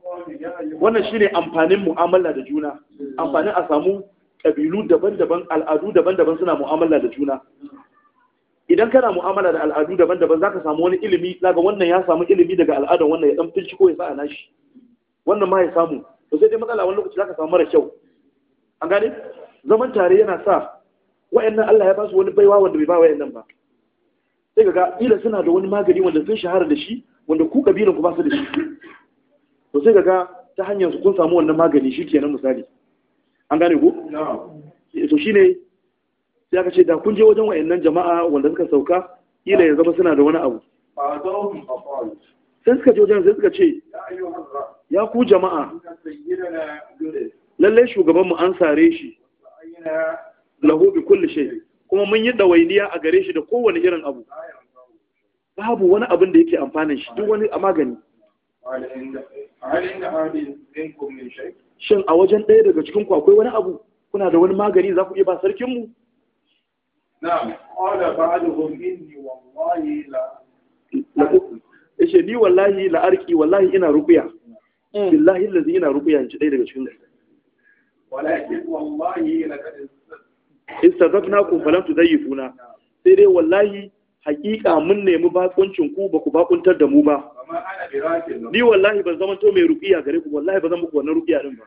wannan shine amfanin mu'amala da juna amfanin a samu ƙabilu daban-daban al'adu daban-daban suna mu'amala da juna idan kana mu'amala da al'adu daban-daban za ka samu wani ilimi daga wannan ya samu ilimi daga al'adar wannan ya ɗan binciko ya sa a nashi wannan ma ya samu to sai dai matsala wani lokaci za ka samu mara kyau an gane zaman tare yana sa wa'annan Allah ya ba su wani baiwa wanda bai ba wa'annan ba sai ga ila suna da wani magani wanda sun shahara da shi wanda ku kabilan ku ba su da shi to sai ga ta hanyar su kun samu wannan magani shi kenan misali an gane ku eh, to shine sai aka ce da kun je wajen wa'annan jama'a wanda suka sauka ila ya zama suna da wani abu sai suka je wajen sai suka ce ya ku jama'a lallai shugabanmu an sare shi lahu bi kulli shay kuma mun yi dawainiya a gare shi da kowane irin abu babu wani abin da yake amfanin shi duk wani magani shin a wajen ɗaya daga cikin ku akwai wani abu kuna da wani magani za ku iya ba sarkin mu na'am qala ba'dhum inni wallahi la Ashe ni wallahi la arqi wallahi ina ruqya mm. billahi allazi ina ruqya in ci ɗaya daga cikin walakin wallahi laqad istazafnakum falam tudayifuna sai dai wallahi hakika mun nemi bakuncin ku ba ku bakuntar da mu ba ni wallahi ban zama to mai ruqiya gare ku wallahi ba zan muku wannan ruqiya din ba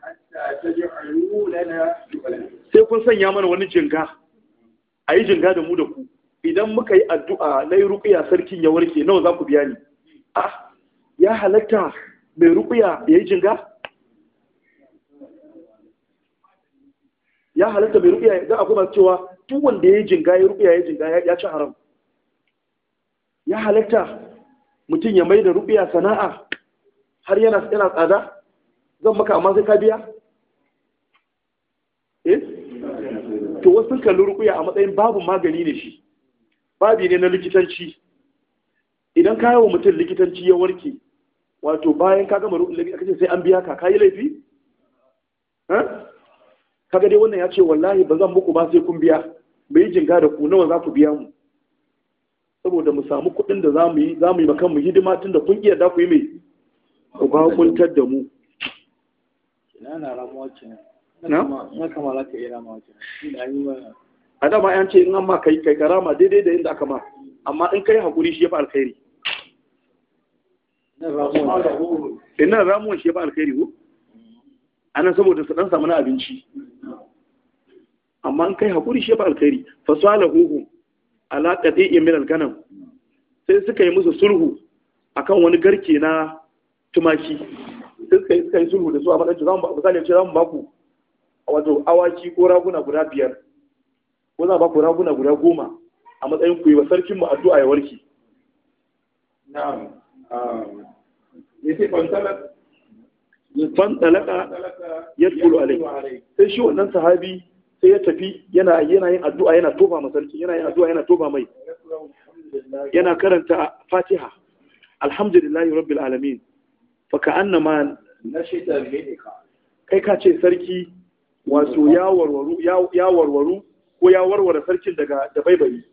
sai kun sanya mana wani jinga ayi jinga da mu da ku idan muka yi addu'a na yi ruqiya sarkin ya warke nawa za ku biya ni ah ya halatta mai ruqiya yayi jinga ya halatta mai rubiya ga akwai masu cewa duk wanda ya yi jinga ya rubiya ya jinga ya ci haram ya halatta mutum ya mai da rubiya sana'a har yana tsada zan maka amma sai ka biya eh to wasu sun kalli ruƙiya a matsayin babu magani ne shi babi ne na likitanci idan ka yi wa mutum likitanci ya warke wato bayan ka gama ruƙiya sai an biya ka ka yi laifi eh? kaga dai wannan ya ce wallahi ba zan muku ba sai kun biya bai jinga da ku nawa za ku biya mu saboda mu samu kuɗin da za mu yi za mu yi makan mu hidima tun da kun iya da ku yi mai ku ba kuntar da mu na ramuwa ce na kamala ka yi ramuwa kenan a dama yan ce in an ma kai kai karama daidai da inda aka ma amma in kai hakuri shi ya fi alkhairi ina ramuwa shi ya fi alkhairi ko anan saboda su dan samu na abinci amma an kai hakuri shi ba alkhairi fa salahuhum ala ya min al'kanan. sai suka yi musu sulhu akan wani garke na tumaki sai suka yi suka yi sulhu da su a madadin zamu ba misali ce zamu baku wato awaki ko raguna guda biyar ko za baku raguna guda goma a matsayin ku yi wa sarkin mu addu'a ya warke na'am yace fantalat fantalaka ya tsulu alai sai shi wannan sahabi sai ya tafi yana yin addu'a yana toba masarki yana yin addu'a yana toba mai yana karanta fatiha alhamdulillahi rabbil alamin fa ka annama nashita bihika kai ka ce sarki wato ya warwaru ko ya warware sarkin daga dabaibayi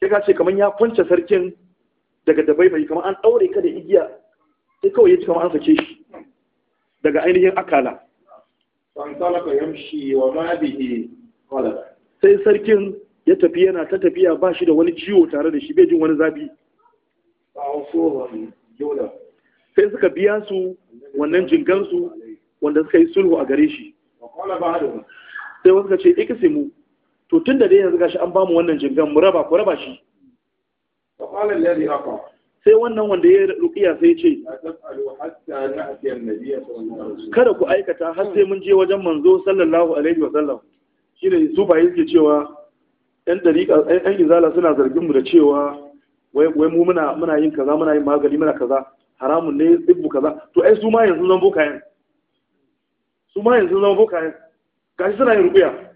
kai ka ce kamar ya kwance sarkin daga dabaibayi kamar an daure ka da igiya sai kawai ya ci kamar an sake shi daga ainihin akala sai sarkin ya tafi yana ta tafiya ba shi da wani ciwo tare da shi bai jin wani zafi sai suka biya su wannan jingansu wanda suka yi sulhu a gare shi sai wasu ka ce mu. to tun da dai yanzu gashi an bamu wannan jingan mu raba ku raba shi sai wannan wanda ya rukiya sai ce kada ku aikata har sai mun je wajen manzo sallallahu alaihi wa sallam shine su ba yake cewa ɗan dariƙa ɗan izala suna zargin mu da cewa wai mu muna muna yin kaza muna yin magani muna kaza haramun ne tsibbu kaza to ai su ma yanzu zan 'yan, su ma yanzu zan 'yan. gashi suna yin rukiya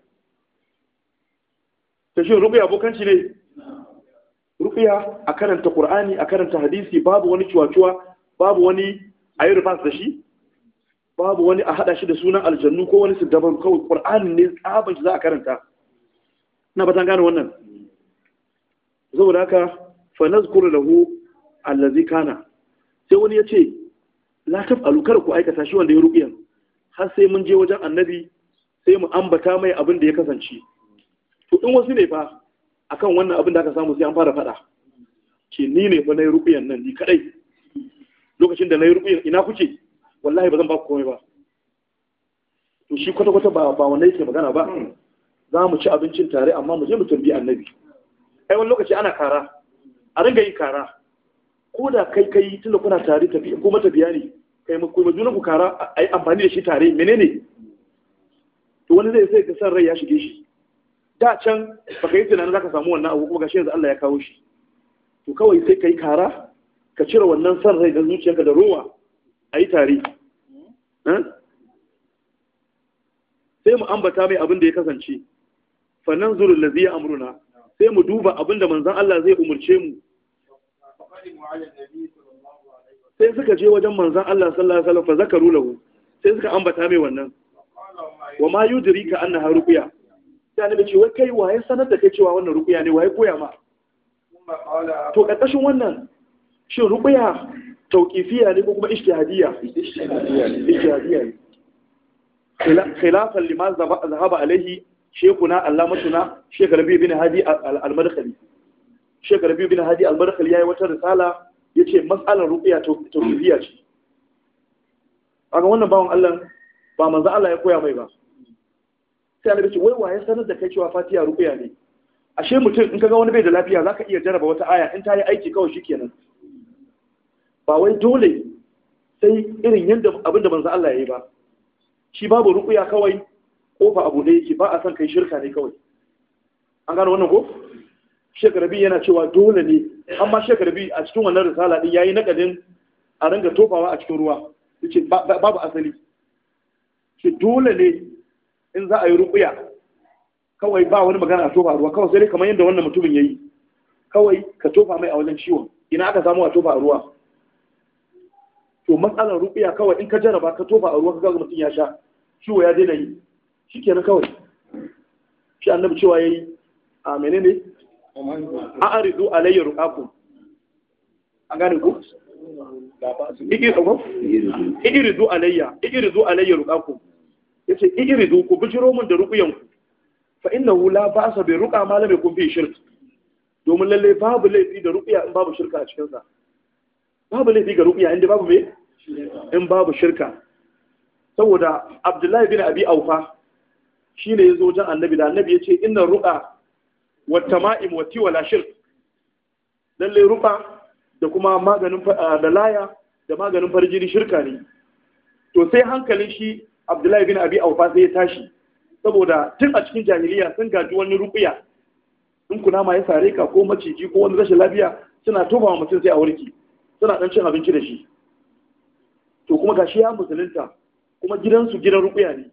ta shi rukiya bokanci ne rukiya a karanta qur'ani a karanta hadisi babu wani ciwaciwa babu wani ayi rufas da shi babu wani a hada shi da sunan aljannu ko wani siddaban kawai ƙur'ani ne tsaban shi za a karanta ina ba gane wannan saboda haka fa nazkuru lahu allazi kana sai wani ya ce la taf'alu kar ku aikata shi wanda ya rukiyan har sai mun je wajen annabi sai mu ambata mai abin da ya kasance to in wasu ne fa akan wannan abin da aka samu sai an fara faɗa ke ni ne na yi rukuyan nan ni kadai lokacin da yi rukuyan ina kuke wallahi ba zan ba ku komai ba to shi kwata kwata ba ba wannan yake magana ba hmm. za mu ci abincin tare amma mu je mu tambi annabi ai wani lokaci ana kara a ringa yi kara ko da kai kai tunda kuna tare tafi ko matafiya ne kai mu kuma juna ku kara ai amfani da shi tare menene to wani zai sai ka san rai ya shige shi da can baka yi tunanin zaka samu wannan abu kuma gashi yanzu Allah ya kawo shi to kawai sai kai kara ka cire wannan san rai da zuciyarka da ruwa a yi tare eh? sai mu ambata mai abin da ya kasance fannan zurul lazi ya amruna sai mu duba abin da manzan Allah zai umarce mu sai suka je wajen manzan Allah sallallahu alaihi wasallam fa zakaru lahu sai suka ambata mai wannan wa ma yudrika annaha ruqya sai annabi ce wai kai waye sanar da kai cewa wannan rukuya ne waye koya ma to ƙarƙashin wannan shin rukuya tauqifiya ne ko kuma ijtihadiyya ijtihadiyya khilafan lima zahaba alaihi shekuna allamatuna shekh rabi bin hadi al-madkhali shekh rabi bin hadi al-madkhali yayi wata risala yace mas'alar rukuya tauqifiya ce kaga wannan bawon Allah ba manzo Allah ya koya mai ba sai annabi ce wai waye sanar da kai cewa fatiha rukuya ne ashe mutum in kaga wani bai da lafiya zaka iya jaraba wata aya in ta yi aiki kawai shikenan ba wai dole sai irin yadda abin da manzo Allah ya yi ba shi babu rukuya kawai kofa abu ne yake ba a son kai shirka ne kawai an gano wannan ko shekarabi yana cewa dole ne amma shekarabi a cikin wannan risala din yayi nakadin a ringa tofawa a cikin ruwa yace babu asali ce dole ne in za a yi rukuya kawai ba wani magana a tofa ruwa kawai sai dai kamar yadda wannan mutumin ya yi kawai ka tofa mai a wajen ciwon ina aka samu a tofa a ruwa to matsalar rukuya kawai in ka jaraba ka tofa a ruwa ka gaza mutum ya sha ciwo ya daina yi kenan kawai shi annabi cewa ya yi. a menene a aridu alayyar rukaku A gane ku ikiridu alayya rizu alayya ruqakum yace iridu ku bijiro mun da ku fa innahu la ba'sa bi ruqa ma lam yakun fi shirk domin lalle babu laifi da ruqya in babu shirka a cikin sa babu laifi ga ruqya inda babu me in babu shirka saboda Abdullahi bin Abi Aufa shine yazo wajen Annabi da Annabi yace inna ruqa wa tama'im wa tiwala shirk lalle ruqa da kuma maganin da laya da maganin farjini shirka ne to sai hankalin shi abdullahi bin abi aufa sai ya tashi saboda tun a cikin jahiliya sun gaji wani rukuya in ma ya sare ka ko maciji ko wani rashin lafiya suna tofa mutum sai a warki suna dan cin abinci da shi to kuma shi ya musulunta kuma gidansu gidan rukuya ne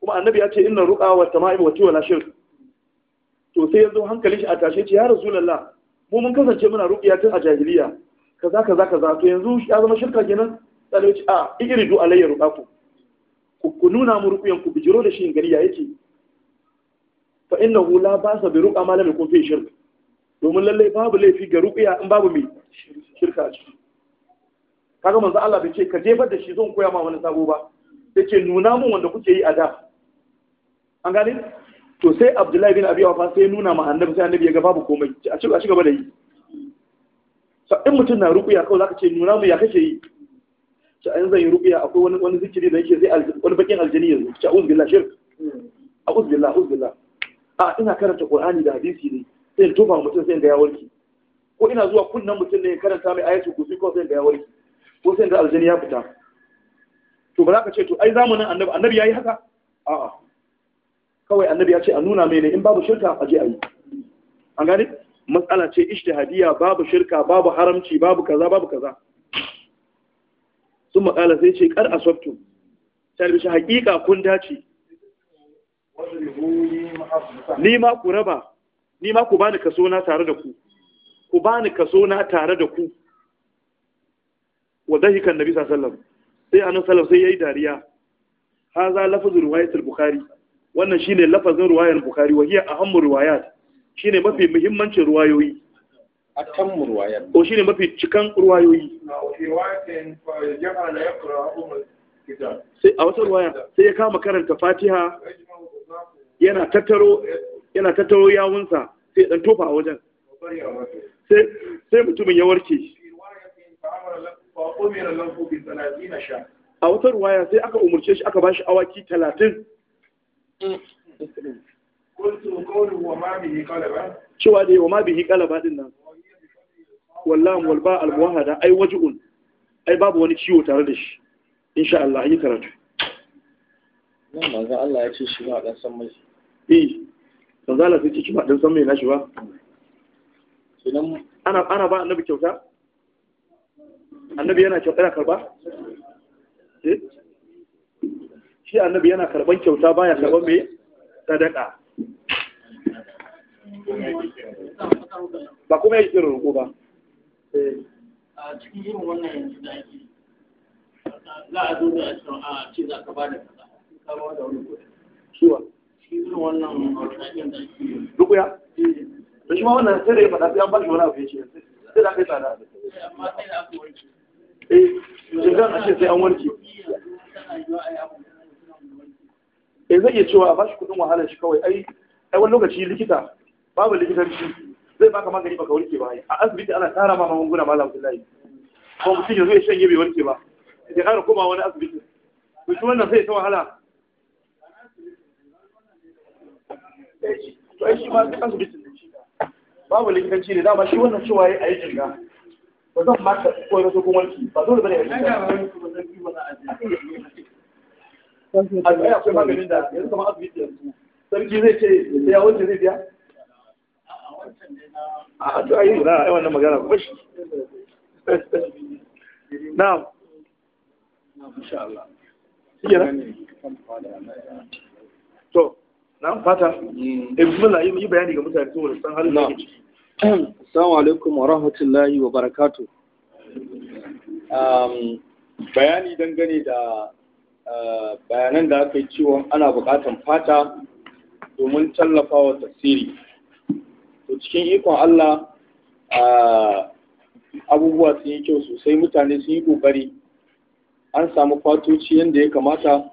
kuma annabi ya ce inna ruqa wa tama'im wa tiwala shirk to sai yanzu hankalin shi a tashe ce ya rasulullah mu mun kasance muna rukuya tun a jahiliya kaza kaza kaza to yanzu ya zama shirka kenan sai ya ce a igridu alayya ruqaku ku nuna mu rukuyan ku bijiro da shi in gari ya yake fa innahu la ba'sa bi ruqa ma lam yakun fi shirk domin lallai babu laifi ga ruqiya in babu mai shirka a ciki kaga manzo Allah bai ce ka jefar da shi zan koya ma wani sabo ba yake nuna mun wanda kuke yi a da an gane to sai Abdullahi bin Abi Wafa sai nuna ma annabi sai annabi ya ga babu komai a ci gaba da yi sa in mutum na ruqya kawai zaka ce nuna mu ya kake yi ta an zan rubiya akwai wani wani zikiri da yake zai wani bakin aljani yanzu ta a'udhu shirk A billahi a'udhu billahi a ah, ina karanta qur'ani da hadisi ne sai in tofa mutum sai in ga ya warke ko ina zuwa kunnan mutum ne karanta mai ayatul kursi ko sai in ga ya warke ko sai in ga aljani ya fita to ba za ka ce to ai zamanin annabi annabi yayi haka a'a kawai annabi ya ce a nuna mai ne in babu shirka a je a yi an gane matsala ce ishtihadiyya babu shirka babu haramci babu kaza babu kaza sun makala sai ce kar softu sai bishi hakika kun dace ni ma ku raba ni ma ku bani kaso na tare da ku ku bani kaso na tare da ku wa dahika nabi sallallahu alaihi wasallam sai annabi sallallahu sai yayi dariya haza lafzu riwayat al-bukhari wannan shine lafazin riwayar bukhari wa hiya ahammu riwayat shine mafi muhimmancin riwayoyi atammu ruwayat to shine mafi cikan ruwayoyi eh, sai a wata ruwaya sai ya kama karanta fatiha yana tattaro yana tattaro yawunsa sai ɗan tofa a wajen sai mutumin ya warke a wata ruwaya sai aka umarce shi aka bashi awaki talatin mm. cewa dai wa ma bihi kalaba din nan wallam wal ba al muwahada ai waj'un ai babu wani ciwo tare da shi insha Allah yi karatu nan manzo Allah ya ce shi ba dan san mai eh manzo Allah sai ce shi ba dan san mai na shi ba ana ana ba annabi kyauta annabi yana kyauta yana karba eh shi annabi yana karban kyauta baya karban mai sadaka ba kuma yi irin roƙo ba Eh, a cikin irin wannan yanzu da ake za a zo da a ce za ka bada da kaza kama da wani kuɗi shiwa cikin irin wannan alƙaƙin da ake rukuya da eh. shi ma wannan sai da ya faɗa sai an bashi wani abu ya ce sai da aka yi tsada amma sai da aka warke eh shekar a ce sai an warke eh zai iya cewa a bashi shi kuɗin wahalar shi kawai ai wani lokaci likita babu likitanci zai baka magani baka warke ba a asibiti ana tsara ma magunguna malam Abdullahi ko mutum yanzu ya shan bai warke ba ya ƙara koma wani asibiti to shi wannan sai ta wahala to ai shi ma duk asibitin da shi babu likitanci ne dama shi wannan cewa ya yi jirga ba zan ma ta koyi wasu kuma warki ba dole bane ya jirga a akwai maganin da yanzu zama asibiti yanzu sarki zai ce ya wuce zai biya a to ayi na ai wannan magana ba shi na insha Allah to na fata mm. eh, ibn yi bayani ga mutane to san halin da ciki [clears throat] assalamu alaikum wa rahmatullahi wa barakatuh um, bayani dangane da uh, bayanan da aka yi ciwon ana bukatan fata domin tallafa wa tasiri to cikin ikon Allah abubuwa sun yi kyau sosai mutane sun yi ƙoƙari an samu fatoci yadda ya kamata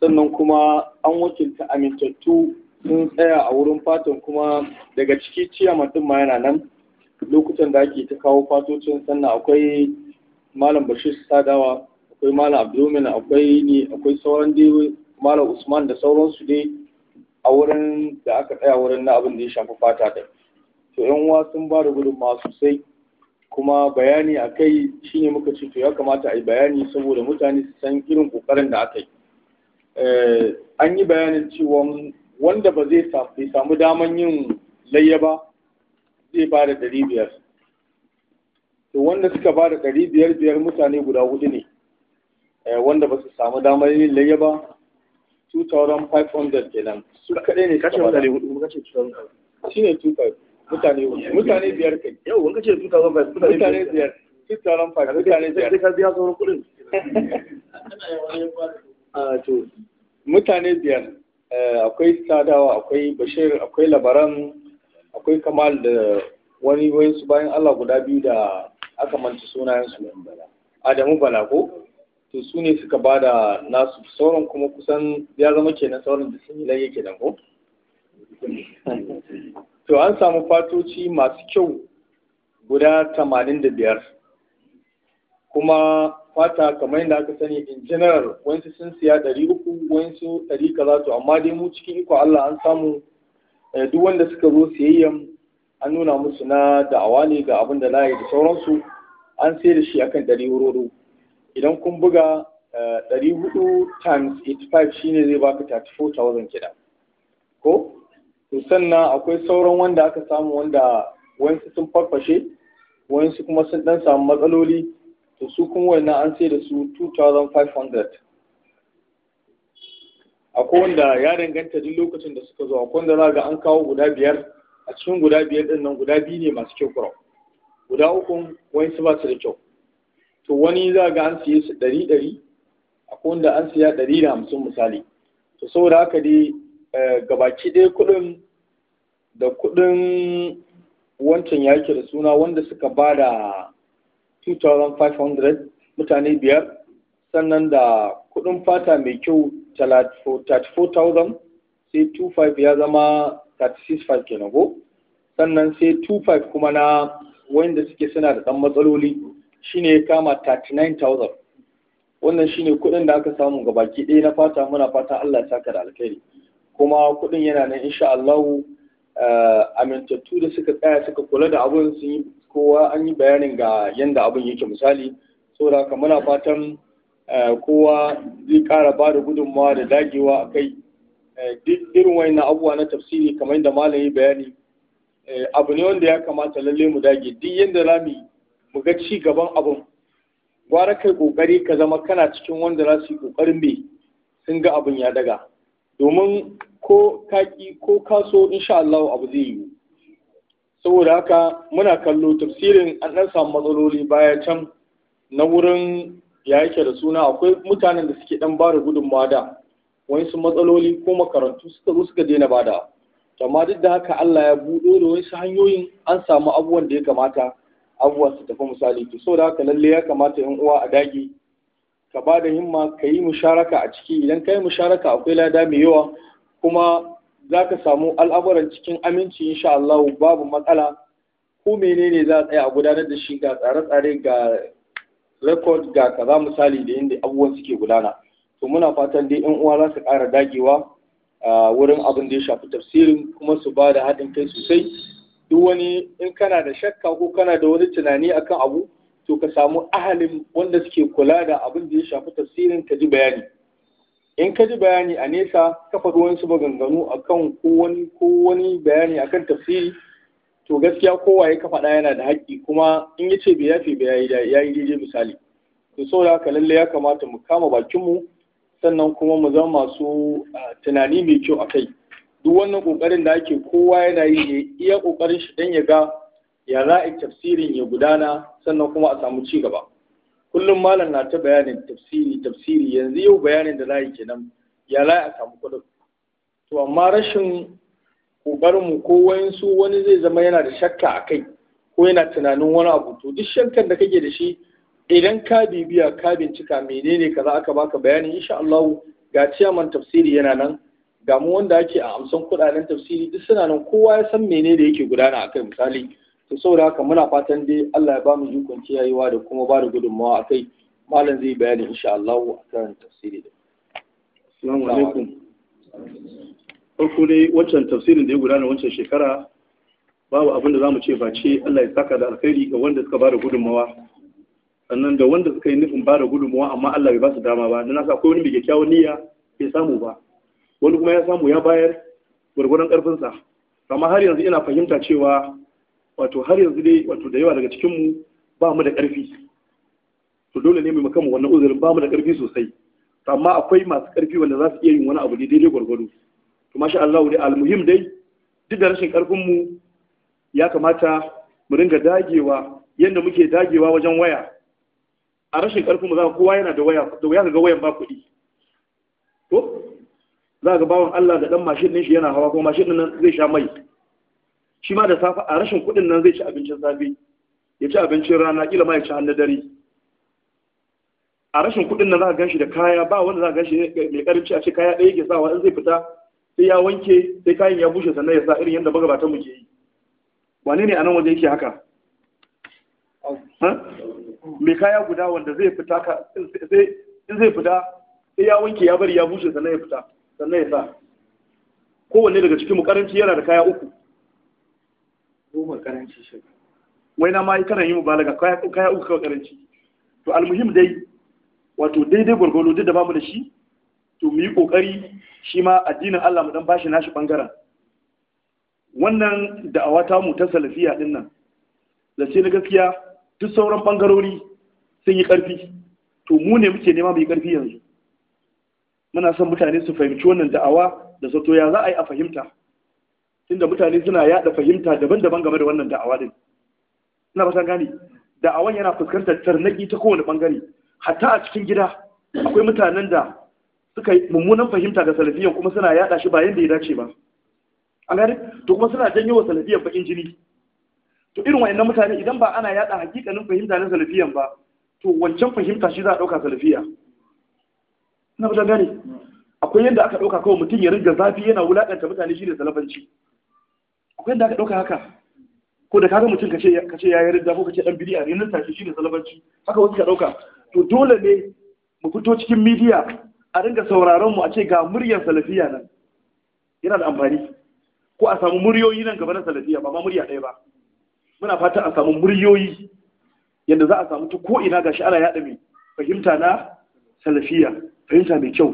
sannan kuma an wakilta amintattu sun tsaya a wurin fatan kuma daga ciki ciyaman ɗin ma yana nan lokutan da ake ta kawo fatocin sannan akwai malam bashir sadawa akwai malam abdomin akwai ni akwai sauran dai malam usman da sauransu dai a wurin da aka tsaya wurin na abin da ya shafi fata ɗin to yan uwa sun ba da gudunmawa sosai kuma bayani a kai shine muka ce to ya kamata a yi bayani saboda mutane su san irin ƙoƙarin da aka yi eh, an yi bayanin cewa wanda ba zai samu daman yin layya ba zai ba da ɗari biyar to wanda suka ba da ɗari biyar biyar mutane guda hudu ne eh, wanda ba su samu damar yin layya ba 2,500 kenan su kaɗai ne kashe mutane 2,500 mutane hudu mutane biyar kai [laughs] ah, mutane biyar eh, akwai sadawa akwai bashir akwai labaran akwai kamal da wani wayansu bayan allah guda biyu da aka manta su adamu bala ko to su ne suka ba da nasu sauran kuma kusan ya zama kenan sauran da sun yi yake nan ko to an samu fatoci masu kyau guda tamanin da biyar kuma fata kamar yadda aka sani in general wasu sun siya ɗari uku dari ɗari kaza to amma dai mu cikin iko Allah an samu eh, duk wanda suka zo siyayyan an nuna musu na da'awa ne ga abin da layi da sauransu an sai da shi akan ɗari idan kun buga 400 eh, times 85 shine zai baka 34,000 kenan ko to sannan akwai sauran wanda aka samu wanda wayansu sun farfashe wayansu kuma sun dan samu matsaloli to su kuma wannan an sai da su 2,500 akwai wanda ya danganta duk lokacin da suka zo akwai wanda za ga an kawo guda biyar a cikin guda biyar din nan guda biyu ne masu kyau kurau guda ukun wayansu ba su da kyau to wani za ga an siye su ɗari ɗari akwai da an siya ɗari da hamsin misali to saboda haka dai eh, gabaki ɗaya kuɗin da kuɗin wancan yaki da suna wanda suka ba da 2,500 mutane biyar sannan da kuɗin fata mai kyau 34,000 sai 25 ya zama 36,500 sannan sai 25 kuma na wanda suke suna da ɗan matsaloli shine ya kama 39,000 wannan shine kuɗin da aka samu ga baki ɗaya na fata muna fata Allah ya saka da alkhairi kuma kuɗin yana nan insha Allah eh, amintattu da suka tsaya suka kula da abun sun yi kowa an yi bayanin ga yanda abun yake misali saboda haka muna fatan eh, kowa zai ƙara ba da gudunmawa da dagewa a kai eh, duk irin wani abubuwa na tafsiri kamar yadda malami bayani abu ne wanda ya kamata lalle mu dage duk yadda za mu mu ga ci gaban abun gwara kai kokari ka zama kana cikin wanda za su yi kokarin bai sun ga abin ya daga domin ko kaki ko kaso insha Allah abu zai yi saboda haka muna kallo tafsirin an dan samu matsaloli baya can na wurin ya yake da suna akwai mutanen da suke dan bada gudunmawa da wani matsaloli ko makarantu suka zo suka daina bada amma duk da haka Allah ya buɗo da wasu hanyoyin an samu abubuwan da ya kamata abubuwa su tafi misali to so da haka lalle ya kamata yan uwa a dage ka ba da himma ka yi musharaka a ciki idan ka yi musharaka akwai lada mai yawa kuma za ka samu al'amuran cikin aminci insha Allah babu matsala ko menene za a tsaya a gudanar da shi ga tsare-tsare ga record ga kaza misali da yadda abubuwan suke gudana to muna fatan dai yan uwa za su ƙara dagewa wurin abin da ya shafi tafsirin kuma su ba da haɗin kai sosai duk wani in kana da shakka ko kana da wani tunani akan abu to ka samu ahalin wanda suke kula da abin da ya shafi tafsirin ka ji bayani in ka ji bayani a nesa ka faɗi wasu maganganu akan ko wani ko wani bayani akan tafsiri to gaskiya kowaye ka faɗa yana da haƙƙi kuma in yace ce bai yafe ba ya yi daidai misali to saboda haka lallai ya kamata mu kama bakinmu sannan kuma mu zama masu ah, tunani mai kyau a kai duk wannan ƙoƙarin da ake kowa yana yi ne iya ƙoƙarin shi dan ya ga ya za tafsirin ya gudana sannan kuma a samu ci gaba kullum malam na ta bayanin tafsiri tafsiri yanzu yau bayanin da za kenan ya za a samu kuɗin to amma rashin ƙoƙarinmu ko su wani zai zama yana da shakka a kai ko yana tunanin wani abu to duk shakkan da kake da shi idan ka bibiya ka bincika menene kaza aka baka bayani insha Allah ga ciyaman tafsiri yana nan ga mu wanda ake a amsan kudaden tafsiri duk suna nan kowa ya san mene da yake gudana akai misali to saboda haka muna fatan dai Allah ya ba mu ikon kiyayewa da kuma ba da gudunmawa akai malam zai bayani insha Allah akan tafsiri da Assalamu alaikum farko dai wancan tafsirin da ya gudana wancan shekara babu abin da zamu ce face Allah ya saka da alkhairi ga wanda suka ba da gudunmawa sannan da wanda suka yi nufin ba da gudunmawa amma Allah bai ba su dama ba dan haka akwai wani mai kyakkyawan niyya bai samu ba wani kuma ya samu ya bayar gwargwaron karfinsa amma har yanzu ina fahimta cewa wato har yanzu dai wato da yawa daga cikinmu ba mu da ƙarfi to dole ne mu makamu wannan uzurin ba mu da ƙarfi sosai amma akwai masu ƙarfi wanda za su iya yin wani abu ne daidai gwargwaro to masha Allah dai almuhim dai duk da rashin ƙarfinmu mu ya kamata mu ringa dagewa yadda muke dagewa wajen waya a rashin ƙarfinmu mu za kowa yana da waya da waya ga wayan ba kuɗi to za ga bawan Allah da dan mashin din shi yana hawa kuma mashin din nan zai sha mai shi ma da safa a rashin kuɗin nan zai ci abincin safe ya ci abincin rana kila ma ya ci hannu dare a rashin kuɗin nan za ka ganshi da kaya ba wanda za ka ganshi mai karanci a ce kaya ɗaya yake sawa in zai fita sai ya wanke sai kayan ya bushe sannan ya sa irin yadda magabatan mu ke yi wane ne a nan wanda yake haka mai kaya guda wanda zai fita sai in zai fita sai ya wanke ya bari ya bushe sannan ya fita sannan ya sa kowanne daga cikin mukaranci yana da kaya uku goma karanci shi wai na ma yi karan yi mubalaga kaya uku uku karanci to almuhim dai wato daidai gwargwado duk da bamu da shi to mu yi kokari shi ma addinin Allah mu dan bashi nashi bangaren wannan da'awa ta mu ta salafiya din nan da sai na gaskiya duk sauran bangarori sun yi karfi to mu ne muke nema mu yi karfi yanzu muna son mutane su fahimci wannan da'awa da zato ya za a yi a fahimta tunda mutane suna yada fahimta daban-daban game da wannan da'awa din ina fatan gani da'awan yana fuskantar tarnaki ta kowane bangare hatta a cikin gida akwai mutanen da suka yi mummunan fahimta ga salafiyan kuma suna yada shi ba yanda ya dace ba an gani to kuma suna janyo wa salafiyan bakin jini to irin wayannan mutane idan ba ana yada hakikanin fahimta na salafiyan ba to wancan fahimta shi za a dauka salafiya na fata gane akwai yadda aka ɗauka kawai mutum ya ringa zafi yana wulaƙanta mutane shi da salafanci akwai yadda aka ɗauka haka ko da kaga mutum ka ce ya yi rinda ko ce ɗan bidiya ne nan tashi shi da salafanci haka wasu ka ɗauka to dole ne mu fito cikin midiya a ringa sauraron mu a ce ga muryar salafiya nan yana da amfani ko a samu muryoyi nan gaba na salafiya ba ma murya ɗaya ba muna fata a samu muryoyi yadda za a samu ta ko ina gashi ana yaɗa mai fahimta na salafiya fahimta mai kyau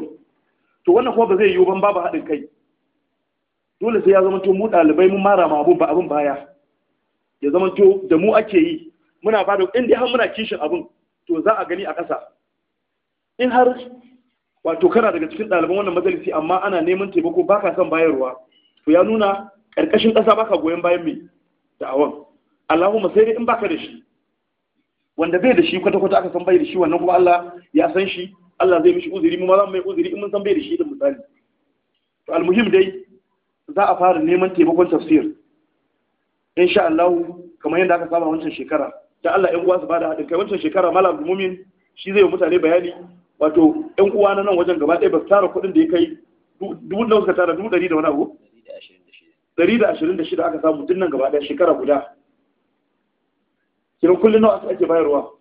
to wannan kuma ba zai yiwu ban babu haɗin kai dole sai ya zamanto mu ɗalibai mun mara ma abun ba abun baya ya zamanto da mu ake yi muna ba da inda har muna kishin abun to za a gani a ƙasa in har wato kana daga cikin ɗaliban wannan majalisi amma ana neman taimako baka son bayarwa to ya nuna ƙarƙashin ƙasa baka goyon bayan mai da'awan Allahumma sai dai in baka da shi wanda bai da shi kwata-kwata aka san bai da shi wannan kuma Allah ya san shi Allah zai mishi uzuri mu ma za mu mai uzuri in mun san bai da shi da misali to almuhim dai za a fara neman taimakon tafsir In sha Allah kamar yadda aka saba wancan shekara da Allah ƴan uwa su bada haɗin kai wancan shekara malam mumin shi zai yi mutane bayani wato ƴan uwa na nan wajen gaba ɗaya ba su tara kuɗin da ya kai dubu da suka tara dubu ɗari da wani abu ɗari da ashirin da shida aka samu tun nan gaba ɗaya shekara guda kiran kullum nawa ake bayarwa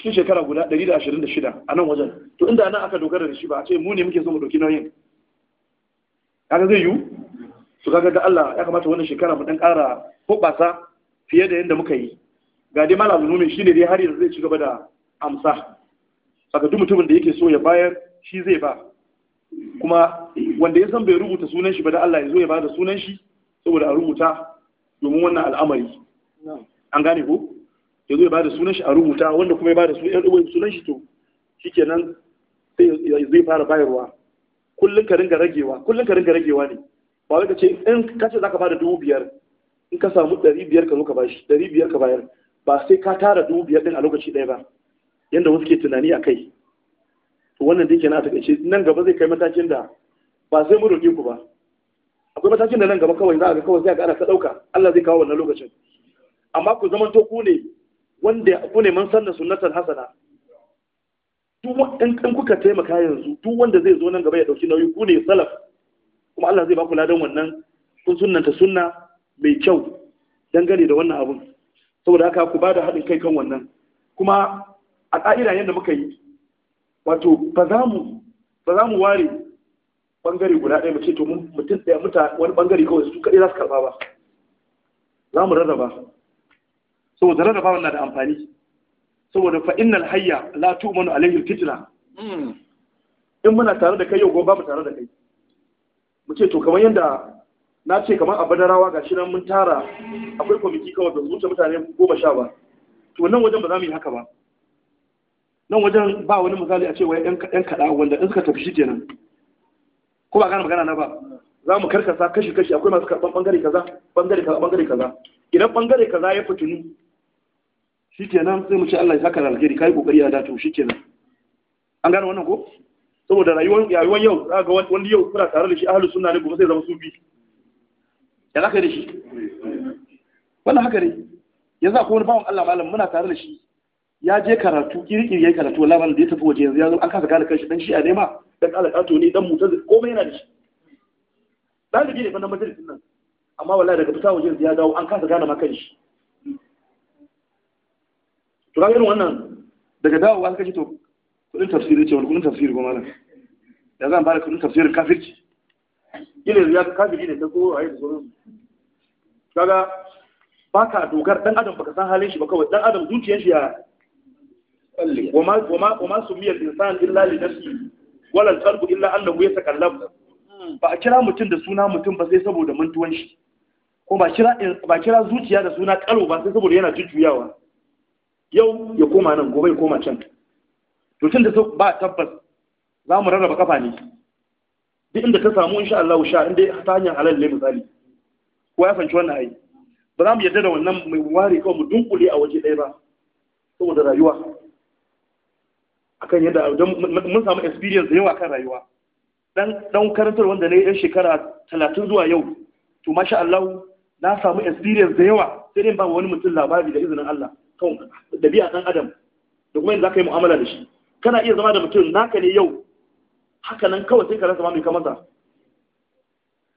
cikin shekara guda 126 a nan wajen to inda nan aka dogara da shi ba a ce mu ne muke so mu doki nauyin kaga zai yiwu su kaga da Allah ya kamata wannan shekara mu dan ƙara hoɓasa fiye da yadda muka yi ga dai malam numi shi ne dai har yanzu zai ci gaba da amsa saka duk mutumin da yake so ya bayar shi zai ba kuma wanda ya san bai rubuta sunan shi ba da Allah ya zo ya bada sunan shi saboda a rubuta domin wannan al'amari an gane ko ya zo ya bada sunan shi a rubuta wanda kuma ya bada sunan shi to shikenan sai zai fara bayarwa kullum ka ringa ragewa kullum ka ringa ragewa ne ba wai ka ce in ka ce zaka bada dubu biyar in ka samu ɗari biyar ka zo ka bashi ɗari biyar ka bayar ba sai ka tara dubu biyar ɗin a lokaci ɗaya ba yadda wasu ke tunani a kai to wannan dai kenan a takaice nan gaba zai kai matakin da ba sai mu roƙe ku ba akwai matakin da nan gaba kawai za a ga kawai sai a ga ana ta ɗauka Allah zai kawo wannan lokacin amma ku zama to ku ne wanda ku ne man sallar sunnatar hasana duk in kuka taimaka yanzu duk wanda zai zo nan gaba ya dauki nauyi ku ne salaf kuma Allah zai ba ku ladan wannan kun sunnanta sunna mai kyau dangane da wannan abun saboda haka ku bada haɗin kai kan wannan kuma a ƙa'ida yadda muka yi wato ba za mu ba za mu ware bangare guda ɗaya mace ce to mutum ɗaya mutane wani bangare kawai su kaɗai za su karɓa ba za mu rarraba saboda rarraba na da amfani saboda fa innal hayya la tu'manu alayhi al-fitna hmm. in muna tare da kai yau gobe babu tare da kai mu ce to kamar yadda na ce kamar a badarawa ga shi nan mun tara akwai kwamiti kawai da zuce mutane goma sha ba to nan wajen ba za mu yi haka ba nan wajen ba wani misali a ce wai yan kaɗa wanda in suka tafi shi kenan ko ba gane magana na ba za mu karkasa kashi kashi akwai masu karɓan ɓangare kaza ɓangare kaza ɓangare kaza idan ɓangare kaza ya fitinu shikenan sai mu ci Allah ya saka alheri kai kokari a ke shikenan an gane wannan ko saboda rayuwar rayuwar yau za ga wani yau kuna tare da shi ahlus sunna ne gobe sai zama sufi ya zaka da shi wannan haka ne yanzu akwai wani bawon Allah malam muna tare da shi ya je karatu kirkiri yayin karatu wallahi malam da ya tafi waje yanzu ya zo an kasa gane kanshi dan shi a nema dan kala kato ne dan mutazil komai yana da shi dalibi ne fa na majalisin nan amma wallahi daga fita waje ya dawo an kasa gane ma kanshi to kaga irin wannan daga dawowa aka ce to kudin tafsiri ce wani kudin tafsiri ko malam da zan bada kudin tafsirin kafirci ilil ya kafiri ne ta ko a yi da sauran kaga ba ka dogar dan adam baka san halin shi ba kawai dan adam zuciyar shi ya wama wama miyar sumiyal insan illa li nafsi wala qalbu illa annahu yatakallam ba a kira mutum da suna mutum ba sai saboda mantuwan shi ko ba kira ba kira zuciya da suna kalo ba sai saboda yana jujjuyawa yau ya koma nan gobe ya koma can to tun da ba tabbas za mu rarraba kafa ne duk inda ta samu insha Allah sha inda ta hanyar halal ne misali ko ya fanci wannan ayi ba za mu yarda da wannan mai ware kawai mu dunkule a waje ɗaya ba saboda rayuwa akan yadda mun samu experience da yawa kan rayuwa dan dan karantar wanda ne yan shekara 30 zuwa yau to masha Allah na samu experience da yawa sai dai ba wani mutum labari da izinin Allah kan dabi'a dan adam da kuma yadda zaka yi mu'amala da shi kana iya zama da mutum naka ne yau haka nan kawai sai ka rasa ma mai kamata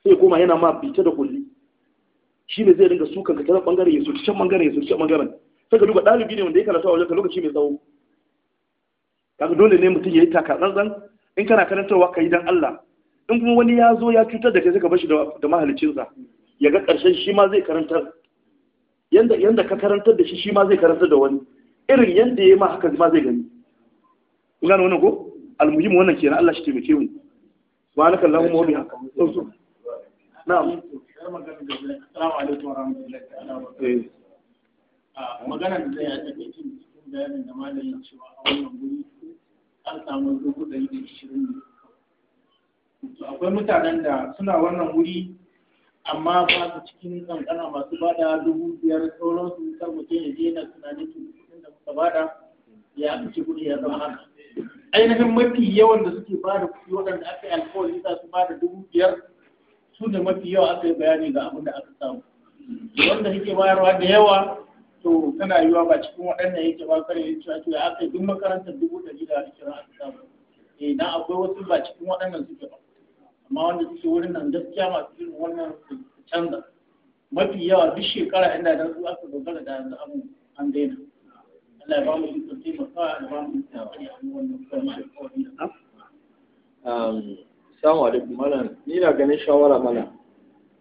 sai koma yana ma bita da kulli shi ne zai dinga sukan ka ta bangare ya soki can bangare ya soki can bangaren sai ka duba dalibi ne wanda ya karatu a wajen ka lokaci mai tsawo kaga dole ne mutum ya yi taka tsantsan in kana karantarwa kai dan Allah in kuma wani ya zo ya cutar da kai sai ka bashi da mahaliccinsa ya ga ƙarshen shi ma zai karantar yanda yanda ka karantar da shi shi ma zai karantar da wani irin yanda yayi ma haka ma zai gani kun gane wannan ko almuhim wannan kenan Allah shi taimake mu subhanaka allahumma wa bihamdika na'am assalamu alaikum wa rahmatullahi wa barakatuh eh, magana da zai a cikin cikin bayanin da malamin cewa a wannan guri an samu dubu ɗari da ishirin ne akwai mutanen da suna wannan wuri amma ba su cikin kankana masu bada dubu biyar su kar mutum ya je na tunanin tunanin da suka bada ya ci kuɗi ya zama haka ainihin mafi yawan da suke bada kuɗi waɗanda aka yi alkawari za su bada dubu biyar su ne mafi yawa aka yi bayani ga abin da aka samu wanda yake bayarwa da yawa to tana yiwa ba cikin waɗanda yake ba kare yin cewa ya aka yi duk makarantar dubu ɗari da ake kira aka samu idan eh, akwai wasu ba cikin waɗannan suke ba amma wanda suke wurin nan gaskiya masu irin wannan canza mafi yawa duk shekara inda da su aka dogara da yanzu abu an daina Allah ya ba mu ikon taimakawa da ba mu ikon tsari a wannan kuma da kawai Assalamu alaikum malam ni na ganin shawara malam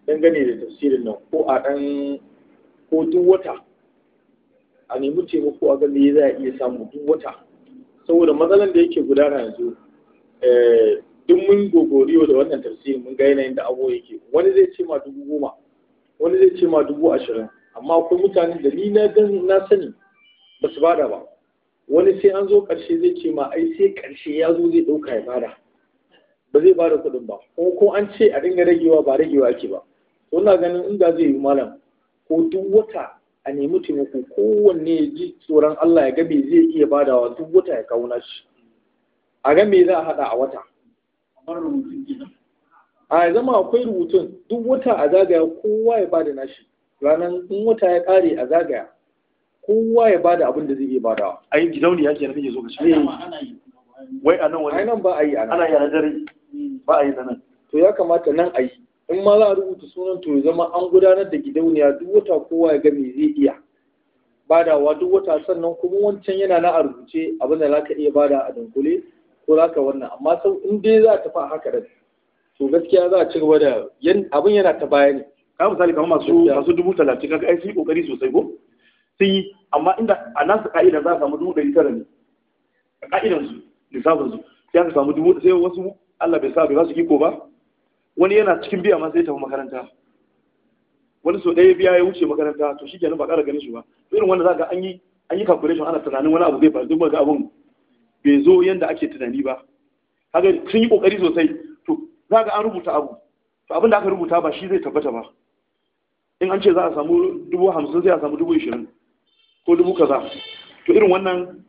dangane da tafsirin nan ko a ɗan ko duk wata a nemi taimako a gani za a iya samu duk wata saboda matsalar da yake gudana yanzu eh, duk mun gogori da wannan tafsirin mun ga yanayin da abu yake wani zai ce ma dubu goma wani zai ce ma dubu ashirin amma akwai mutane da ni na gan na sani ba su bada ba wani sai an zo ƙarshe zai ce ma ai sai ƙarshe ya zo zai ɗauka ya bada ba zai bada kuɗin ba ko ko an ce a dinga ragewa ba ragewa ake ba to ina ganin inda zai yi malam ko duk wata a nemi taimako kowanne ya ji tsoron Allah ya ga me zai iya badawa duk wata ya kawo nashi a ga me za a haɗa a wata a zama akwai rubutun duk wata a zagaya kowa ya bada nashi ranar in wata ya kare a zagaya kowa ya bada abin da zai iya bada ai gidauniya ke na kake zo ka shi eh. wai a nan wani nan ba a yi a nan ana yi dare ba a yi da nan to ya kamata nan a yi in ma za a rubuta sunan to ya zama an gudanar da gidauniya duk wata kowa ya gami zai iya badawa duk wata sannan kuma wancan yana na a rubuce abin da za ka iya bada a dunkule ko za ka wannan amma sau in dai za ta fa haka da to gaskiya za a ci gaba da abin yana ta baya ne ka misali kamar masu masu dubu talatin kaga ai sun yi kokari sosai ko sun yi amma inda a nasu ka'ida za a samu dubu ɗari tara ne a ka'idan su lissafin su sai aka samu dubu sai wasu Allah bai sa bai ba su iko ba wani yana cikin biya ma sai tafi makaranta wani so ɗaya biya ya wuce makaranta to shi kenan ba ƙara ganin shi ba irin wanda za ka an yi an yi calculation ana tunanin wani abu zai faru duk ga abun bai zo yadda ake tunani ba haka sun yi kokari sosai to za ga an rubuta abu to abin da aka rubuta ba shi zai tabbata ba in an ce za a samu dubu hamsin sai a samu dubu ishirin ko dubu kaza to irin wannan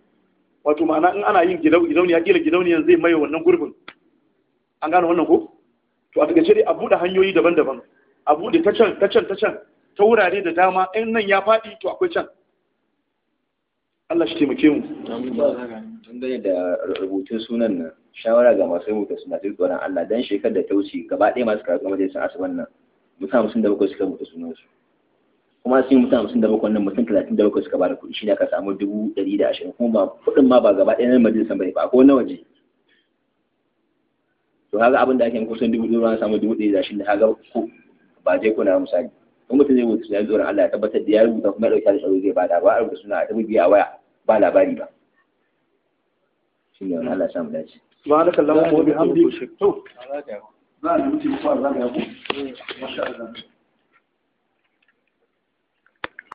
wato ma'ana in ana yin gidauniya kila gidauniyan zai maye wannan gurbin an gane wannan ko to a takaice dai a buɗe hanyoyi daban-daban a buɗe ta can ta can ta can ta wurare da dama in nan ya faɗi to akwai can Allah shi taimake mu dangane da rubutun sunan nan shawara ga masu rubuta suna duk tsoron Allah dan shekar da ta wuce gaba ɗaya masu karatu sun asibar nan mutum hamsin da bakwai suka rubuta sunan su kuma sun mutum hamsin da bakwai nan mutum talatin da bakwai suka bada kuɗi shi ne aka samu dubu ɗari da ashirin kuma kuɗin ma ba gaba ɗaya na majalisar bai ba ko na waje to haka abin da ake yin kusan dubu ɗaya samu dubu ɗari da ashirin da haka ko ba je ko na misali kuma mutum zai rubuta sunan tsoron Allah ya tabbatar da ya rubuta kuma ya ɗauki alƙawari zai bada ba a rubuta suna a dubu a waya ba labari ba shi ne Allah ya samu dace subhanaka allahumma wa bihamdika to ba na mutum ko azaba ya ku masha Allah